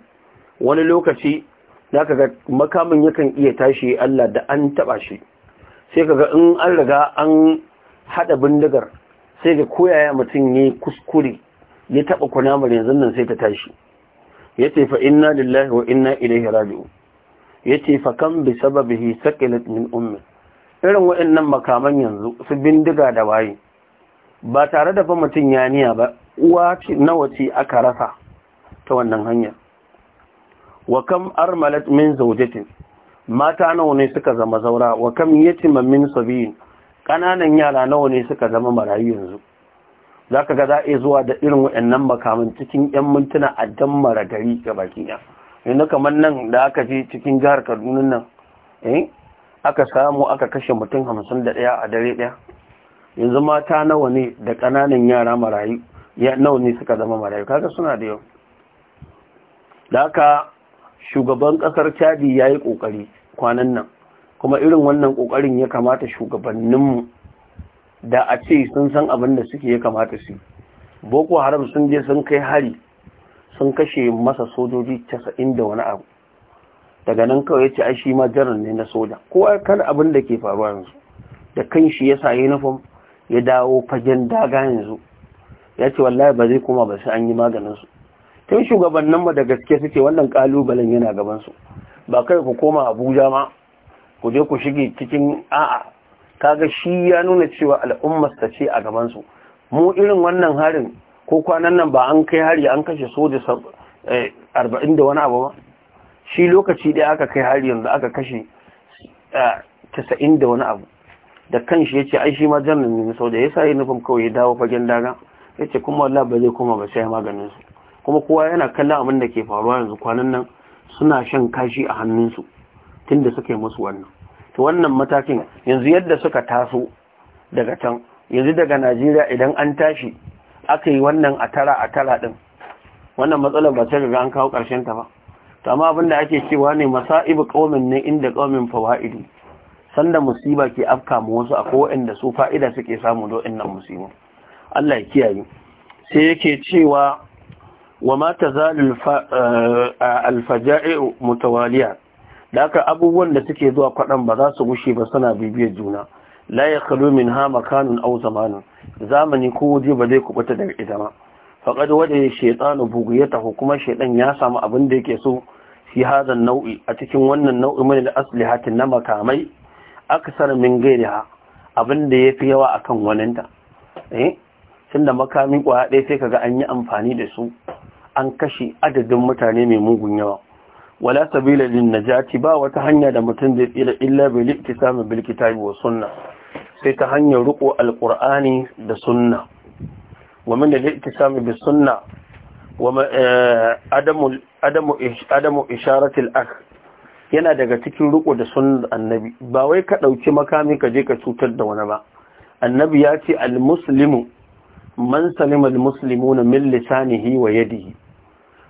wani lokaci da ka ga makamin yakan iya tashi Allah da an taba shi sai ka in an riga an haɗa bindigar sai ga koyaya mutum ya kuskure ya taɓa kunamar yanzu nan sai ta tashi ya ce fa inna lillahi wa inna ilaihi raji'u ya fa kam bi sababihi saqilat min ummi irin waɗannan makaman yanzu su bindiga da waye ba tare da fa mutum yaniya ba uwa ce nawa ce aka rasa ta wannan hanyar wa kam armalat min zawjatin mata nawa ne suka zama zaura wa kam yatima min sabiyin kananan yara nawa ne suka zama marayu yanzu zaka ga za a zuwa da irin waɗannan makamin cikin yan mintuna a dan maragari ga baki ɗaya yanzu kamar nan da aka je cikin jihar Kaduna nan eh aka samu aka kashe mutum 51 a dare ɗaya yanzu mata nawa ne da kananan yara marayu ya nawa ne suka zama marayu kaga suna da yau da haka shugaban ƙasar cadi ya yi ƙoƙari kwanan nan kuma irin wannan ƙoƙarin ya kamata shugabanninmu da a ce sun san abin da suke ya kamata su boko haram sun je sun kai hari sun kashe masa sojoji casa'in da wani abu daga nan kawai ya ce a shi ma jarar ne na soja kowa kan abin da ke faruwa yanzu da kan shi ya sa yunifom ya dawo fagen daga yanzu ya ce wallahi ba zai koma ba sai an yi maganinsu tun shugabannin mu da gaske suke wannan kalubalen yana gaban su ba kai ku koma Abuja ma ku je ku shige cikin a'a kaga shi ya nuna cewa al'ummar ta ce a gaban su mu irin wannan harin ko kwanan nan ba an kai hari an kashe soja 40 eh, da wani abu ba shi lokaci ɗaya aka kai hari yanzu aka kashe 90 eh, da wani abu da kanshi ya ce ai shi ma janar ne soja ya sa yi nufin kawai ya dawo fagen daga yace kuma wallah ba zai koma ba sai maganin su kuma kowa yana kallon abin da ke faruwa yanzu kwanan nan suna shan kashi a hannunsu tun da suka yi musu wannan to wannan matakin yanzu yadda suka taso daga can yanzu daga najeriya idan an tashi aka yi wannan a tara a tara din wannan matsalar ba ta riga an kawo ƙarshen ta ba to amma abin da ake cewa ne masa'ibu qaumin ne inda qaumin fawaidu sanda musiba ke afka mu wasu akwai wanda su fa'ida suke samu do'in nan musiba Allah ya kiyaye sai yake cewa wa ma tazalu alfaja'i mutawaliya da haka abubuwan da suke zuwa kwadan ba za su gushe ba suna bibiyar juna la yakhlu minha makanun au zamanin. zamani ko waje ba zai kubuta daga ita ma faqad wada shaytanu bugiyatahu kuma shaytan ya samu abin da yake so fi hadan nau'i a cikin wannan nau'i mai da aslihatin na makamai aksar min ha abin da yafi yawa akan waninta eh tunda makamin kwaya ɗaya sai kaga an yi amfani da su an kashe adadin mutane mai mugun yawa wala sabila lin najati ba wata hanya da mutum zai tsira illa bi liktisami bil kitabi wa sunna sai ta hanyar riko alqur'ani da sunna wa man da liktisami bis sunna wa eh, adamu adamu adamu isharati al akh yana daga cikin riko da sunnar annabi ba wai ka dauki makami ka je ka cutar da wani ba annabi ya ce al muslimu man salima al muslimuna min lisanihi wa yadihi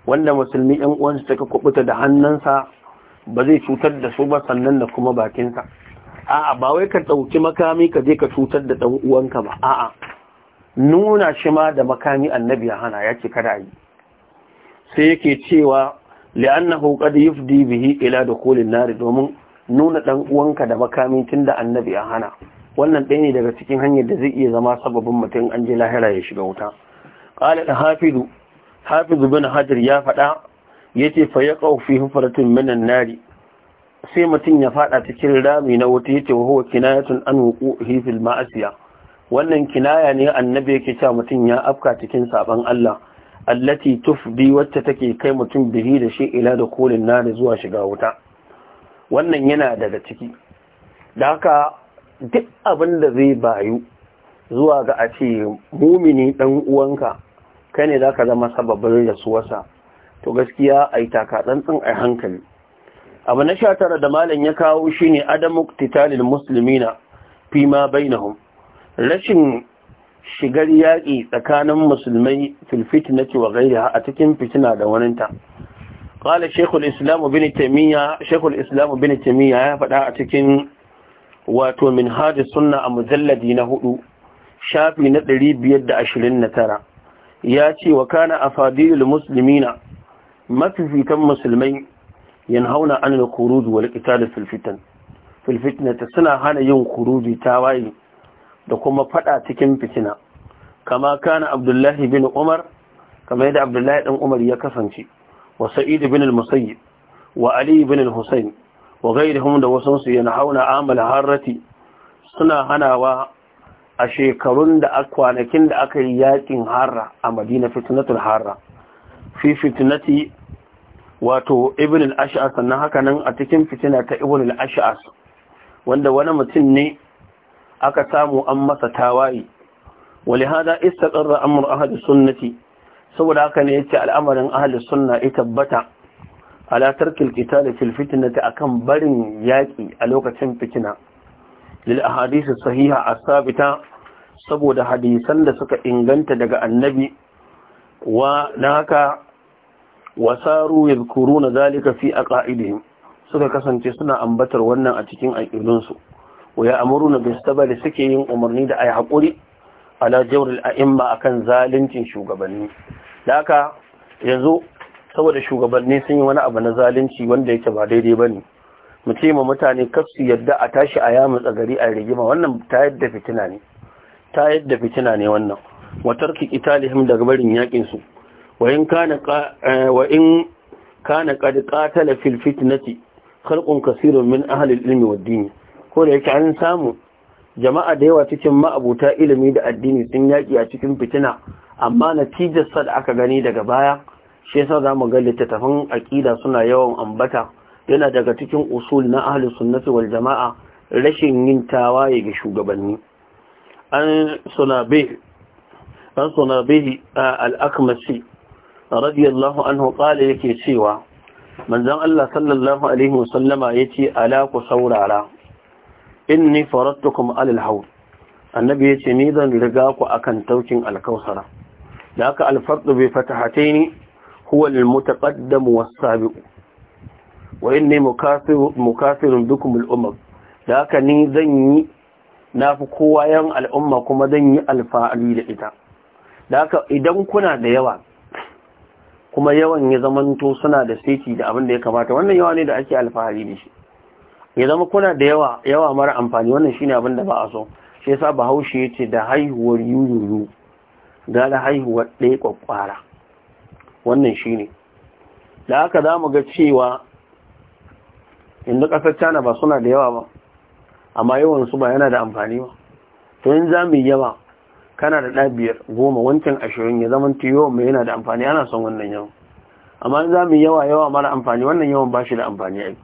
wanda musulmi yan uwansu suka kubuta da hannunsa ba zai cutar da su ba sannan da kuma bakinsa a'a ba wai ka ɗauki makami ka je ka cutar da ɗan uwanka ba a'a nuna shi ma da makami annabi ya hana ya ce kada yi sai yake cewa li'annahu qad yufdi bihi ila dukhulin nar domin nuna ɗan uwanka da makami tun da annabi ya hana wannan ɗaya ne daga cikin hanyar da zai iya zama sababin mutum an je lahira ya shiga wuta qala al-hafidu hafiz bin hajar ya faɗa yace fa ya fi hufratin minan nari sai mutum ya faɗa cikin rami na wuta yace wa huwa kinayatun an wuquhi fil ma'asiya wannan kinaya ne annabi yake cewa mutum ya afka cikin saban Allah allati tufdi wacce take kai mutum bihi da shi ila da kolin nari zuwa shiga wuta wannan yana daga ciki da haka duk abin da zai bayu zuwa ga a ce mumini dan uwanka kai ne za ka zama sababin rasuwarsa to gaskiya a yi takatsantsin a hankali abu na sha tara da malam ya kawo shi ne adamu titalin musulmina fima ma bainahum rashin shigar yaƙi tsakanin musulmai filfit na cewa gaira a cikin fitina da waninta ƙala shekul islamu bin taimiyya islamu taimiyya ya faɗa a cikin wato min hajji sunna a mujalladi na hudu shafi na ɗari biyar da ashirin na tara ya ce wa kana afadilul muslimina mafifitan musulmai yanhauna anil khuruj wal qital fil fitan fil ta suna hana yin ta waye da kuma fada cikin fitina kama kana abdullahi bin umar kama yadda abdullahi dan umar ya kasance wa sa'id bin al wa ali bin al-husayn wa ghayrihum da wasansu yanhauna amal harrati suna hanawa a shekarun da kwanakin da aka yi yaƙin harra a madina fitnatul harra fi fitnati wato ibn al-ash'as sannan haka nan a cikin fitina ta ibn al wanda wani mutum ne aka samu an masa tawayi walihada istaqarra amr ahad sunnati saboda haka ne ya ce al'amarin ahli sunna ya tabbata ala tarkil qital fil fitnati kan barin yaƙi a lokacin fitina lil ahadith sahiha a sabita saboda hadisan da suka inganta daga annabi wa naka wasaru yadhkuruna zalika fi aqaidihim suka kasance suna ambatar wannan a cikin aƙidunsu wa ya amuru na bistabali suke yin umarni da a yi haƙuri ala jawar al'imma a zalincin shugabanni da haka yanzu saboda shugabanni sun yi wani abu na zalunci wanda yake ba daidai ba ne mu ce ma mutane kafsu yadda a tashi a yamu tsagari a rigima wannan ta yadda fitina ne ta yadda fitina ne wannan Watar ki italihim daga barin yakin su wa in kana eh, wa in kana qad qatala fil fitnati khalqun kaseerun min ahli al-ilmi wad-din ko da yake an samu jama'a da yawa cikin ma'abuta ilimi da addini sun yaki a cikin fitina amma natijar sa da aka gani daga baya shi yasa zamu ga littattafan aqida suna yawan ambata yana daga cikin usul na ahlus sunnati wal jama'a rashin yin tawaye ga shugabanni an sunabe an sunabe radiyallahu anhu qala yake cewa manzon Allah sallallahu alaihi wasallama yace ala ku saurara inni faradtukum alal hawl annabi yace ni zan riga ku akan taukin alkausara da haka alfardu ni, fatahataini huwa al-mutaqaddam was-sabiq wa inni mukasirun bikum al'umma da haka ni zan yi na fi kowa yan al'umma kuma zan yi alfa'ali da ita da haka idan kuna da yawa kuma yawan ya zamanto suna da saki da abin da ya kamata wannan yawa ne da ake alfahari da shi ya zama kuna da yawa yawa mara amfani wannan shine abin da ba a so shi yasa bahaushe ce da haihuwar yuyuyu da da haihuwar ɗaya kwakwara wannan shine da haka za mu ga cewa inda ƙasar cana ba suna da yawa ba amma yawan su ba yana da amfani ba to in za mu yawa kana da ɗabiyar goma wancan ashirin ya zama ta yawan mai yana da amfani ana son wannan yawan amma in za mu yawa yawa mara amfani wannan yawan ba shi da amfani yi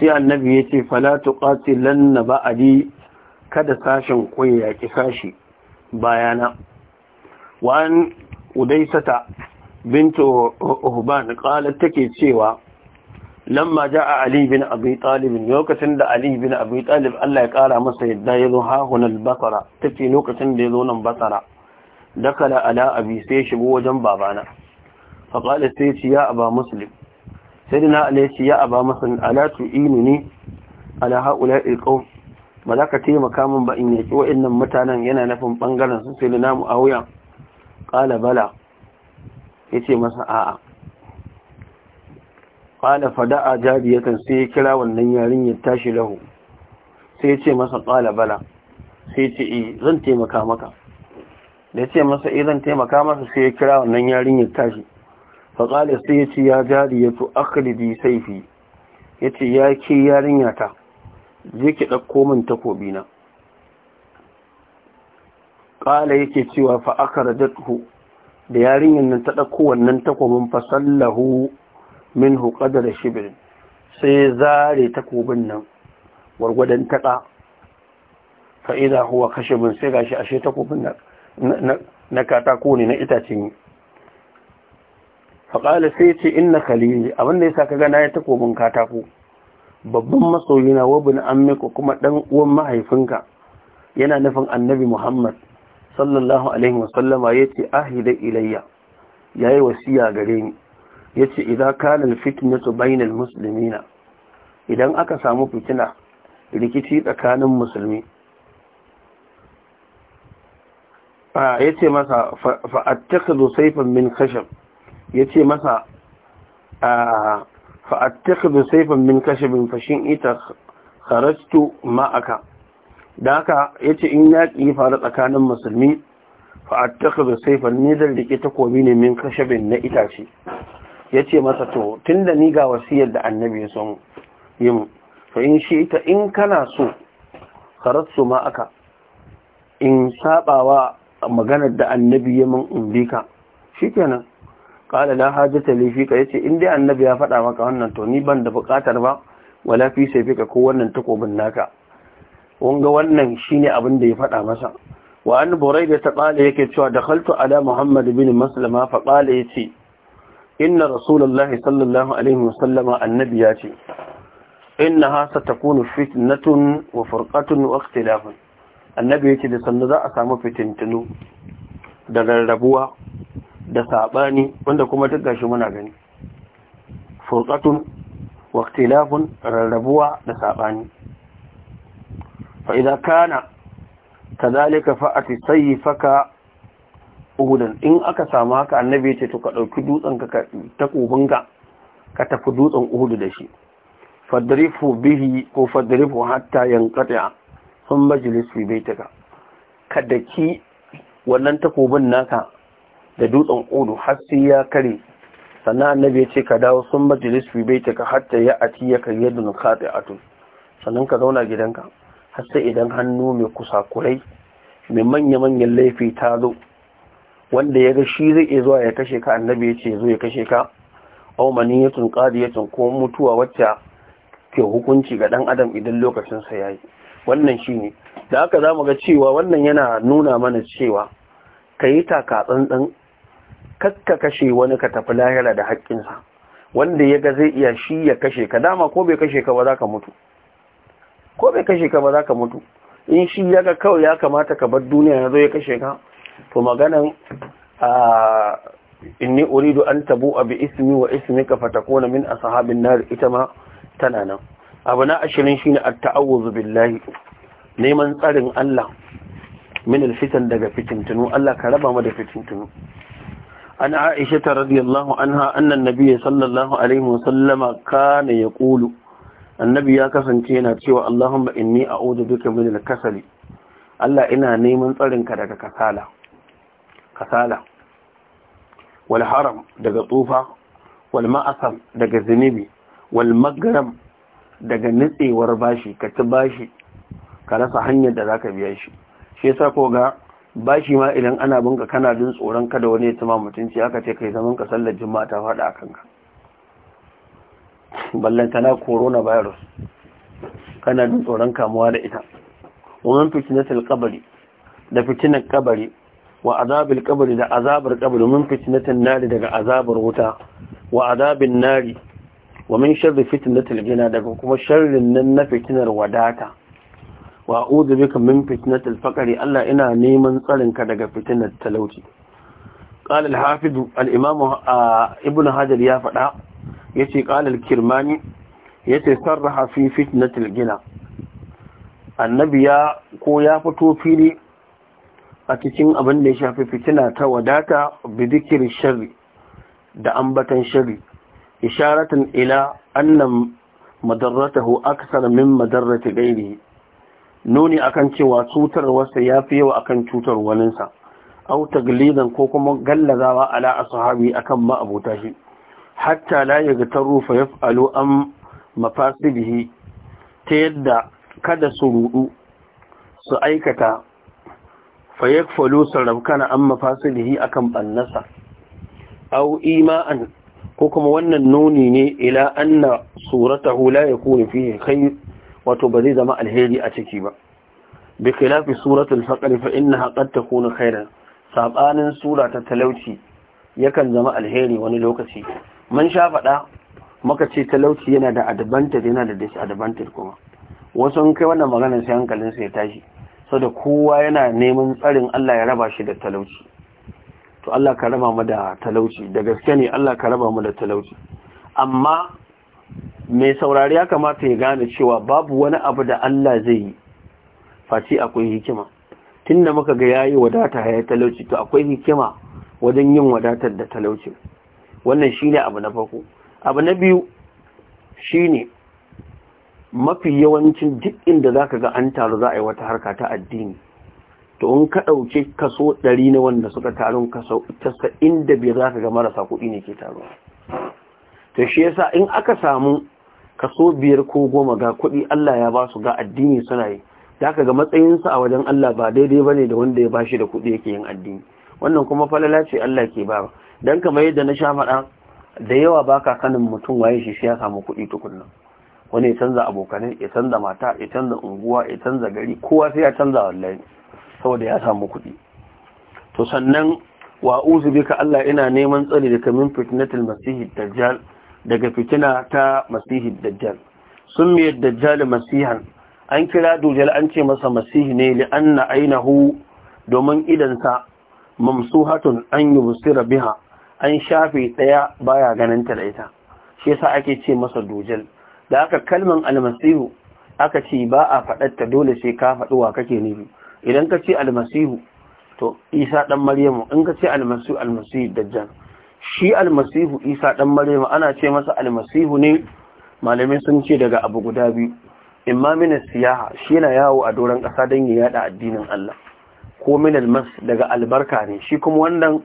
sai annabi ya ce Falatu lanna ba a di kada sashen koyi ya ƙi sashi bayana wa an udaisata bintu uhban ƙalar take cewa lamma ja'a ali bin abi talib lokacin da ali bin abi talib Allah ya kara masa yadda yazo ha hunal basara take lokacin da yazo nan basara dakala ala abi sai shigo wajen babana fa qala sai ce ya aba muslim sayyidina ali ce ya aba muslim ala tu'inuni ala haula'il qawm ba za ka taimaka min ba in yaki wa'annan mutanen yana nufin bangaren su sai na muawiya qala bala yace masa a'a qala fada'a jariyatan sai ya kira wannan ya tashi lahu sai ya ce masa qala bala sai ya ce i eh, zan taimaka maka da ya ce masa i eh, zan taimaka masa sai ya kira wannan ya tashi fa qala sai ya ce ya jariyatu akhriji sayfi yace ya ke yarinya ta je ki dauko min takobi na qala yake cewa fa akhrajathu da yarinyar nan ta dauko wannan takobin fa sallahu min minhu da shibrin sai zare takobin nan gwargwadon taɗa fa'ida huwa bin sai gashi ashe takobin na katako ne na itace yi faƙala sai ce inna kalili abinda ya sa ka gana ya takobin katako babban masoyina wabin ammiku kuma ɗan uwan mahaifinka yana nufin annabi muhammad sallallahu alaihi wasallama ya ce ahida ilayya ya yi wasiya gare ni yace idza kana alfitnatu bainal muslimina idan aka samu fitina rikici tsakanin musulmi a yace masa fa attakhadhu sayfan min khashab yace masa a fa attakhadhu sayfan min khashab fa shin ita kharajtu ma'aka da haka yace in yi faru tsakanin musulmi fa attakhadhu sayfan ni da rike takobi ne min khashabin na itace ya ce masa to tun da ni ga wasiyar da annabi ya son yin to in shi ita in kana so karatsu ma aka in sabawa maganar da annabi ya min in shi kenan kala la hajata li fika yace in dai annabi ya faɗa maka wannan to ni ban da buƙatar ba wala fi ka ko wannan takobin naka wanga wannan shine abin da ya faɗa masa wa an buraida ta kala yake cewa dakhaltu ala muhammad bin maslama fa qala yace inna rasulullahi sallallahu alaihi wasallama annabi ya ce innaha satakunu fitnatun wa furqatun wa ikhtilafun annabi yace da sannu za a samu fitintinu da rarrabuwa da sabani wanda kuma duk gashi muna gani furqatun wa ikhtilafun rarrabuwa da sabani fa idza kana kadhalika fa sayfaka uhudun in aka samu haka annabi ya ce to ka ɗauki dutsen ka takobinka ka tafi dutsen uhudu da shi fadrifu bihi ko fadrifu hatta yanqata sun majlis fi baitaka. ka ki wannan takobin naka da dutsen uhudu har sai ya kare sannan annabi ya ce ka dawo sun majlis fi baitaka hatta ya ati ya kai yadun qati'atun sannan ka zauna gidanka har sai idan hannu mai kusakurai mai manya-manyan laifi ta zo wanda ya ga shi zai iya zuwa ya kashe ka annabi ya ce zo ya kashe ka ya maniyatun ya tunko mutuwa wacce ke hukunci ga dan adam idan lokacin sa yayi wannan shine da haka zamu ga cewa wannan yana nuna mana cewa kayi taka tsantsan kakka kashe wani ka tafi lahira da haƙƙinsa wanda ya ga zai iya shi ya kashe ka dama ko bai kashe ka ba za ka mutu ko bai kashe ka ba za mutu in shi ya ga kawai ya kamata ka bar duniya ya zo ya kashe ka to maganan a inni uridu an tabu abi ismi wa ka kona min ashabin nar ita ma tana nan abu na ashirin shine at-ta'awuzu billahi neman tsarin Allah min al-fitan daga fitintunu Allah ka raba mu da fitintunu an Aisha radiyallahu anha anna an-nabiy sallallahu alaihi wa sallama kana yaqulu annabi ya kasance yana cewa Allahumma inni a'udhu bika min al-kasali Allah ina neman tsarin ka daga kasala kasala wal haram daga tsufa wal ma'asar daga zinubi wal magaram daga nitsewar bashi ka ci bashi ka rasa hanyar da zaka biya shi shi yasa ko ga bashi ma idan ana binka kana jin tsoron kada wani ya tuma mutunci aka ce kai zaman ka sallar juma'a ta faɗa akan ka corona coronavirus kana jin tsoron kamuwa da ita wannan fitinatul qabri da fitinar kabari wa azabil kabari da azabar kabari mun fitnatin nari daga azabar wuta wa azabin nari wa min sharri fitnatil gina daga kuma sharrin nan na fitnar wadata wa a'udhu bika min fitnatil faqri Allah ina neman tsarinka daga fitnar talauci قال al imam ibn hajar ya faɗa yace qala al-kirmani yace sarraha fi fitnatil gina annabi ya ko ya fito fili a cikin abin da ya shafi fitina ta wadata bidikir shari da ambatan shari, isharatan ila annan madarratahu aksar min madarrati gairi nuni akan cewa cutarwarsa ya fi yawa akan cutar waninsa au taglidan ko kuma gallazawa ala ashabi akan abota shi hatta la yagtaru fa yaf'alu am mafasidihi ta yadda kada su rudu su aikata fa yakfalu sarrafkana an mafasilihi akan ɓannasa. Au ima'an ko kuma wannan nuni ne ila anna hula ya yakunu fi kai wato ba zai zama alheri a ciki ba bi khilafi suratul faqr fa innaha qad takunu khayran sabanin sura ta talauci yakan zama alheri wani lokaci man sha faɗa maka ce talauci yana da advantage yana da disadvantage kuma wasu kai wannan magana sai hankalin ya tashi so da kowa yana neman tsarin Allah ya raba shi da talauci to Allah ka raba mu da talauci da gaske ne Allah ka raba mu da talauci amma mai saurari ya kamata ya gane cewa babu wani abu da Allah zai yi Fati akwai hikima tunda muka ga yayi wadata ya talauci to akwai hikima wajen yin wadatar da talauci wannan shine abu na farko abu na biyu shine mafi yawancin duk inda za ka ga an taru za a yi wata harka ta addini to in ka ɗauke kaso ɗari na wanda suka taru kaso tasa inda biyar za ka ga marasa kuɗi ne ke taruwa Ta shi yasa in aka samu kaso biyar ko goma ga kuɗi Allah ya ba su ga addini suna yi za ka ga matsayinsa a wajen Allah ba daidai ba ne da wanda ya ba shi da kuɗi yake yin addini wannan kuma falala ce Allah ke ba don kamar yadda na sha faɗa da yawa ba ka kanin mutum waye shi ya samu kuɗi tukunna wani ya canza abokanai ya canza mata ya canza unguwa ya canza gari kowa sai ya canza wallahi saboda ya samu kuɗi to sannan wa uzu bika Allah ina neman tsari daga min fitnatul masihid dajjal daga fitina ta masihid dajjal sun dajjal masihan an kira dujal an ce masa masihi ne li anna ainahu domin sa mamsuhatun an yubsira biha an shafe daya baya ganin ta da ita shi yasa ake ce masa dujal da aka kalman almasihu aka ce ba a faɗatta dole sai ka faɗuwa kake nufi idan ka ce almasihu to isa ɗan maryamu in ka ce almasihu almasihu dajjal shi almasihu isa ɗan maryamu ana ce masa almasihu ne malamai sun ce daga abu guda biyu imma siyaha shi yana yawo a doron ƙasa don ya yada addinin Allah ko min almas daga albarka ne shi kuma wannan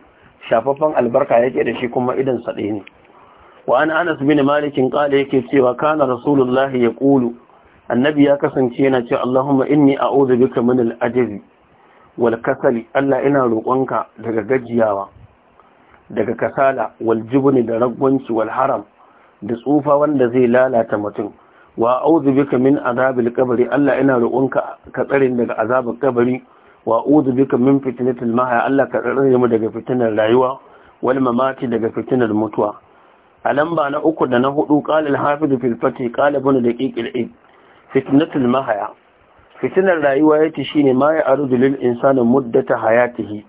shafaffen albarka yake da shi kuma idan sa ne wa an anas bin malikin kala yake cewa kana rasulullahi ya kulu annabi ya kasance yana ce allahumma inni a bika min al-ajzi wal kasali allah ina rokonka daga gajiyawa daga kasala wal jibni da ragwanci wal haram da tsufa wanda zai lalata mutum wa a'udhu bika min azabil qabri Allah ina roƙonka ka tsare daga azabin kabari wa a'udhu bika min fitnatil mahya Allah ka tsare mu daga fitinar rayuwa wal mamati daga fitilar mutuwa a lamba na uku da na hudu kalil hafiz fil fati kalibun da daqiq ib fitnatul mahaya fitinar rayuwa yace shine ma ya arudu lil insani muddata hayatihi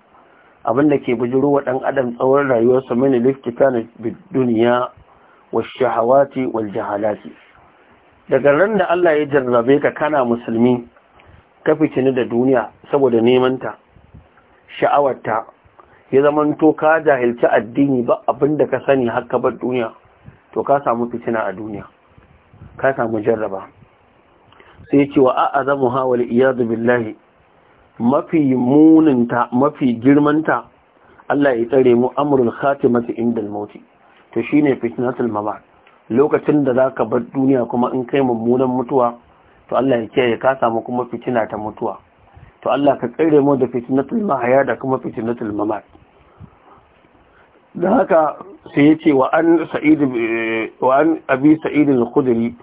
abinda ke bujiro wa dan adam tsawon rayuwarsa min liftikan bid dunya shahawati wal jahalati daga ran da Allah ya jarrabe ka kana musulmi ka fitina da duniya saboda neman ta sha'awarta ya zamanto ka jahilci addini ba abinda ka sani haka bar duniya to ka samu fitina a duniya ka samu jarraba sai ce wa a'azamu hawal iyadu billahi mafi muninta mafi girmanta Allah ya tsare mu amrul khatimati inda al to shine fitnatul mamat lokacin da zaka bar duniya kuma in kai mummunan mutuwa to Allah ya kiyaye ka samu kuma fitina ta mutuwa to Allah ka tsere mu da fitnatul mahaya da kuma fitnatul mamat da haka sai yace wa an sa'id wa an abi sa'id al-khudri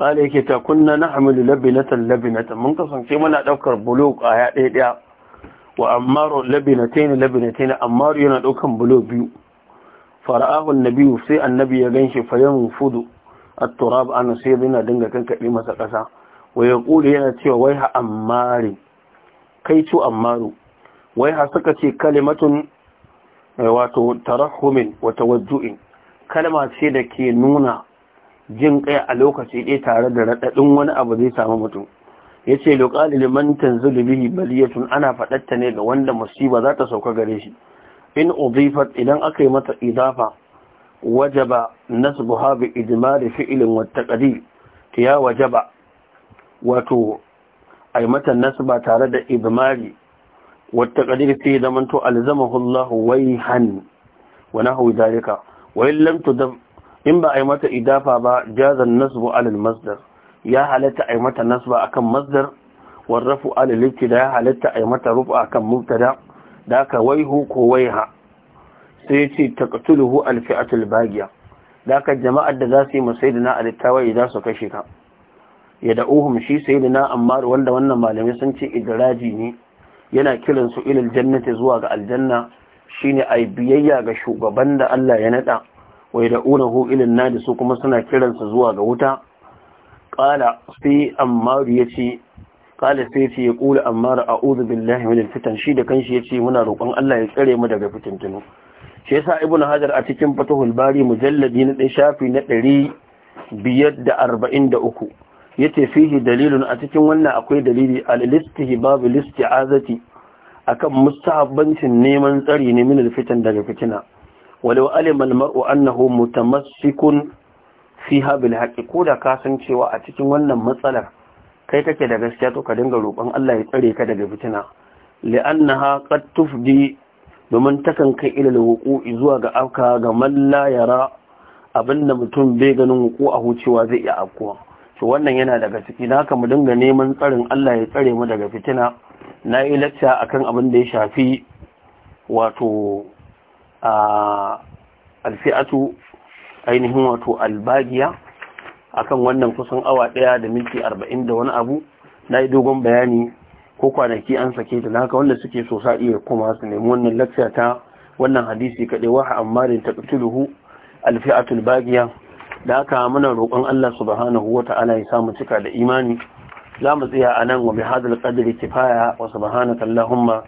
kale yake ta kunna nahmilu labinatan labinatan mun kasance muna daukar buluk aya ɗaya ɗaya wa ammaru labinatayn labinatayn ammaru yana daukan buluk biyu fara'ahu an-nabi sai annabi ya ganshi fa fudu at-turab ana sai yana dinga kankaɗe masa ƙasa wa yaqulu yana cewa wai ha ammari kai cu ammaru wai har suka ce kalimatun eh, wato tarahumin wata wajju'in kalma ce da ke nuna jin kai a lokaci ɗaya tare da raɗaɗin wani abu zai samu mutum ya ce lokali liman tanzilu baliyatun ana faɗatta ne ga wanda musiba za ta sauka gare shi in udifat idan aka yi mata idafa wajaba nasbuha bi ijmari fi'lin wa taqdir ya wajaba wato ai mata nasba tare da idmari wata kadir sai zamanto alzamahu wai waihan wani hau zalika wa in lamtu da in ba ai mata idafa ba jazan nasbu ala masdar ya halatta ai mata nasba akan masdar warrafu ala da ya halatta ai mata rufu akan mubtada da ka ko waiha sai ce taqtuluhu al-fi'atu al-baghiya da ka jama'ar da za su yi masaidina a littawai za su kashe ka ya da'uhum shi na ammar wanda wannan malamai sun ce idraji ne yana kiransu su ilal jannati zuwa ga aljanna shine ai biyayya ga shugaban da Allah ya nada wai ilin ilal nadi su kuma suna kiran su zuwa ga wuta qala fi ammar yace qala sai yace ya qula ammar a'udhu billahi minal fitan shi da kanshi yace muna roƙon Allah ya tsare mu daga fitintunu shi yasa ibnu hajar a cikin fatuhul bari mujalladi na shafi na ɗari biyar da da arba'in uku. yace fihi dalilun a cikin wannan akwai dalili al-istihbab al-isti'azati akan mustahabbancin neman tsari ne min al-fitan daga fitina walau alima al-mar'u annahu mutamassikun fiha bil haqqi ko da ka san cewa a cikin wannan matsalar kai kake da gaskiya to ka dinga roƙon Allah ya tsare ka daga fitina li'annaha qad tufdi domin takan kai ila al-wuqu'i zuwa ga afka ga man abinda mutum bai ganin a hucewa, zai iya afkuwa to wannan yana daga ciki na haka mu dinga neman tsarin Allah ya tsare mu daga fitina na yi lacca akan abin da ya shafi wato alfi'atu ainihin wato albagiya akan wannan kusan awa ɗaya da minti arba'in da wani abu na yi dogon bayani ko kwanaki an sake ta haka wanda suke so sa iya kuma su nemi wannan lacca ta wannan hadisi kaɗai wa da ta ƙutuluhu alfi'atul bagiya da haka muna roƙon Allah subhanahu wa ta'ala ya samu cika da imani za mu tsaya a nan wa bi hadal qadri kifaya wa subhanaka allahumma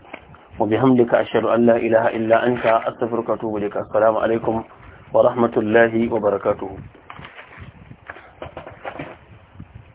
wa bihamdika ashhadu an la ilaha illa anta astaghfiruka wa atubu ilaik assalamu alaikum wa rahmatullahi wa barakatuh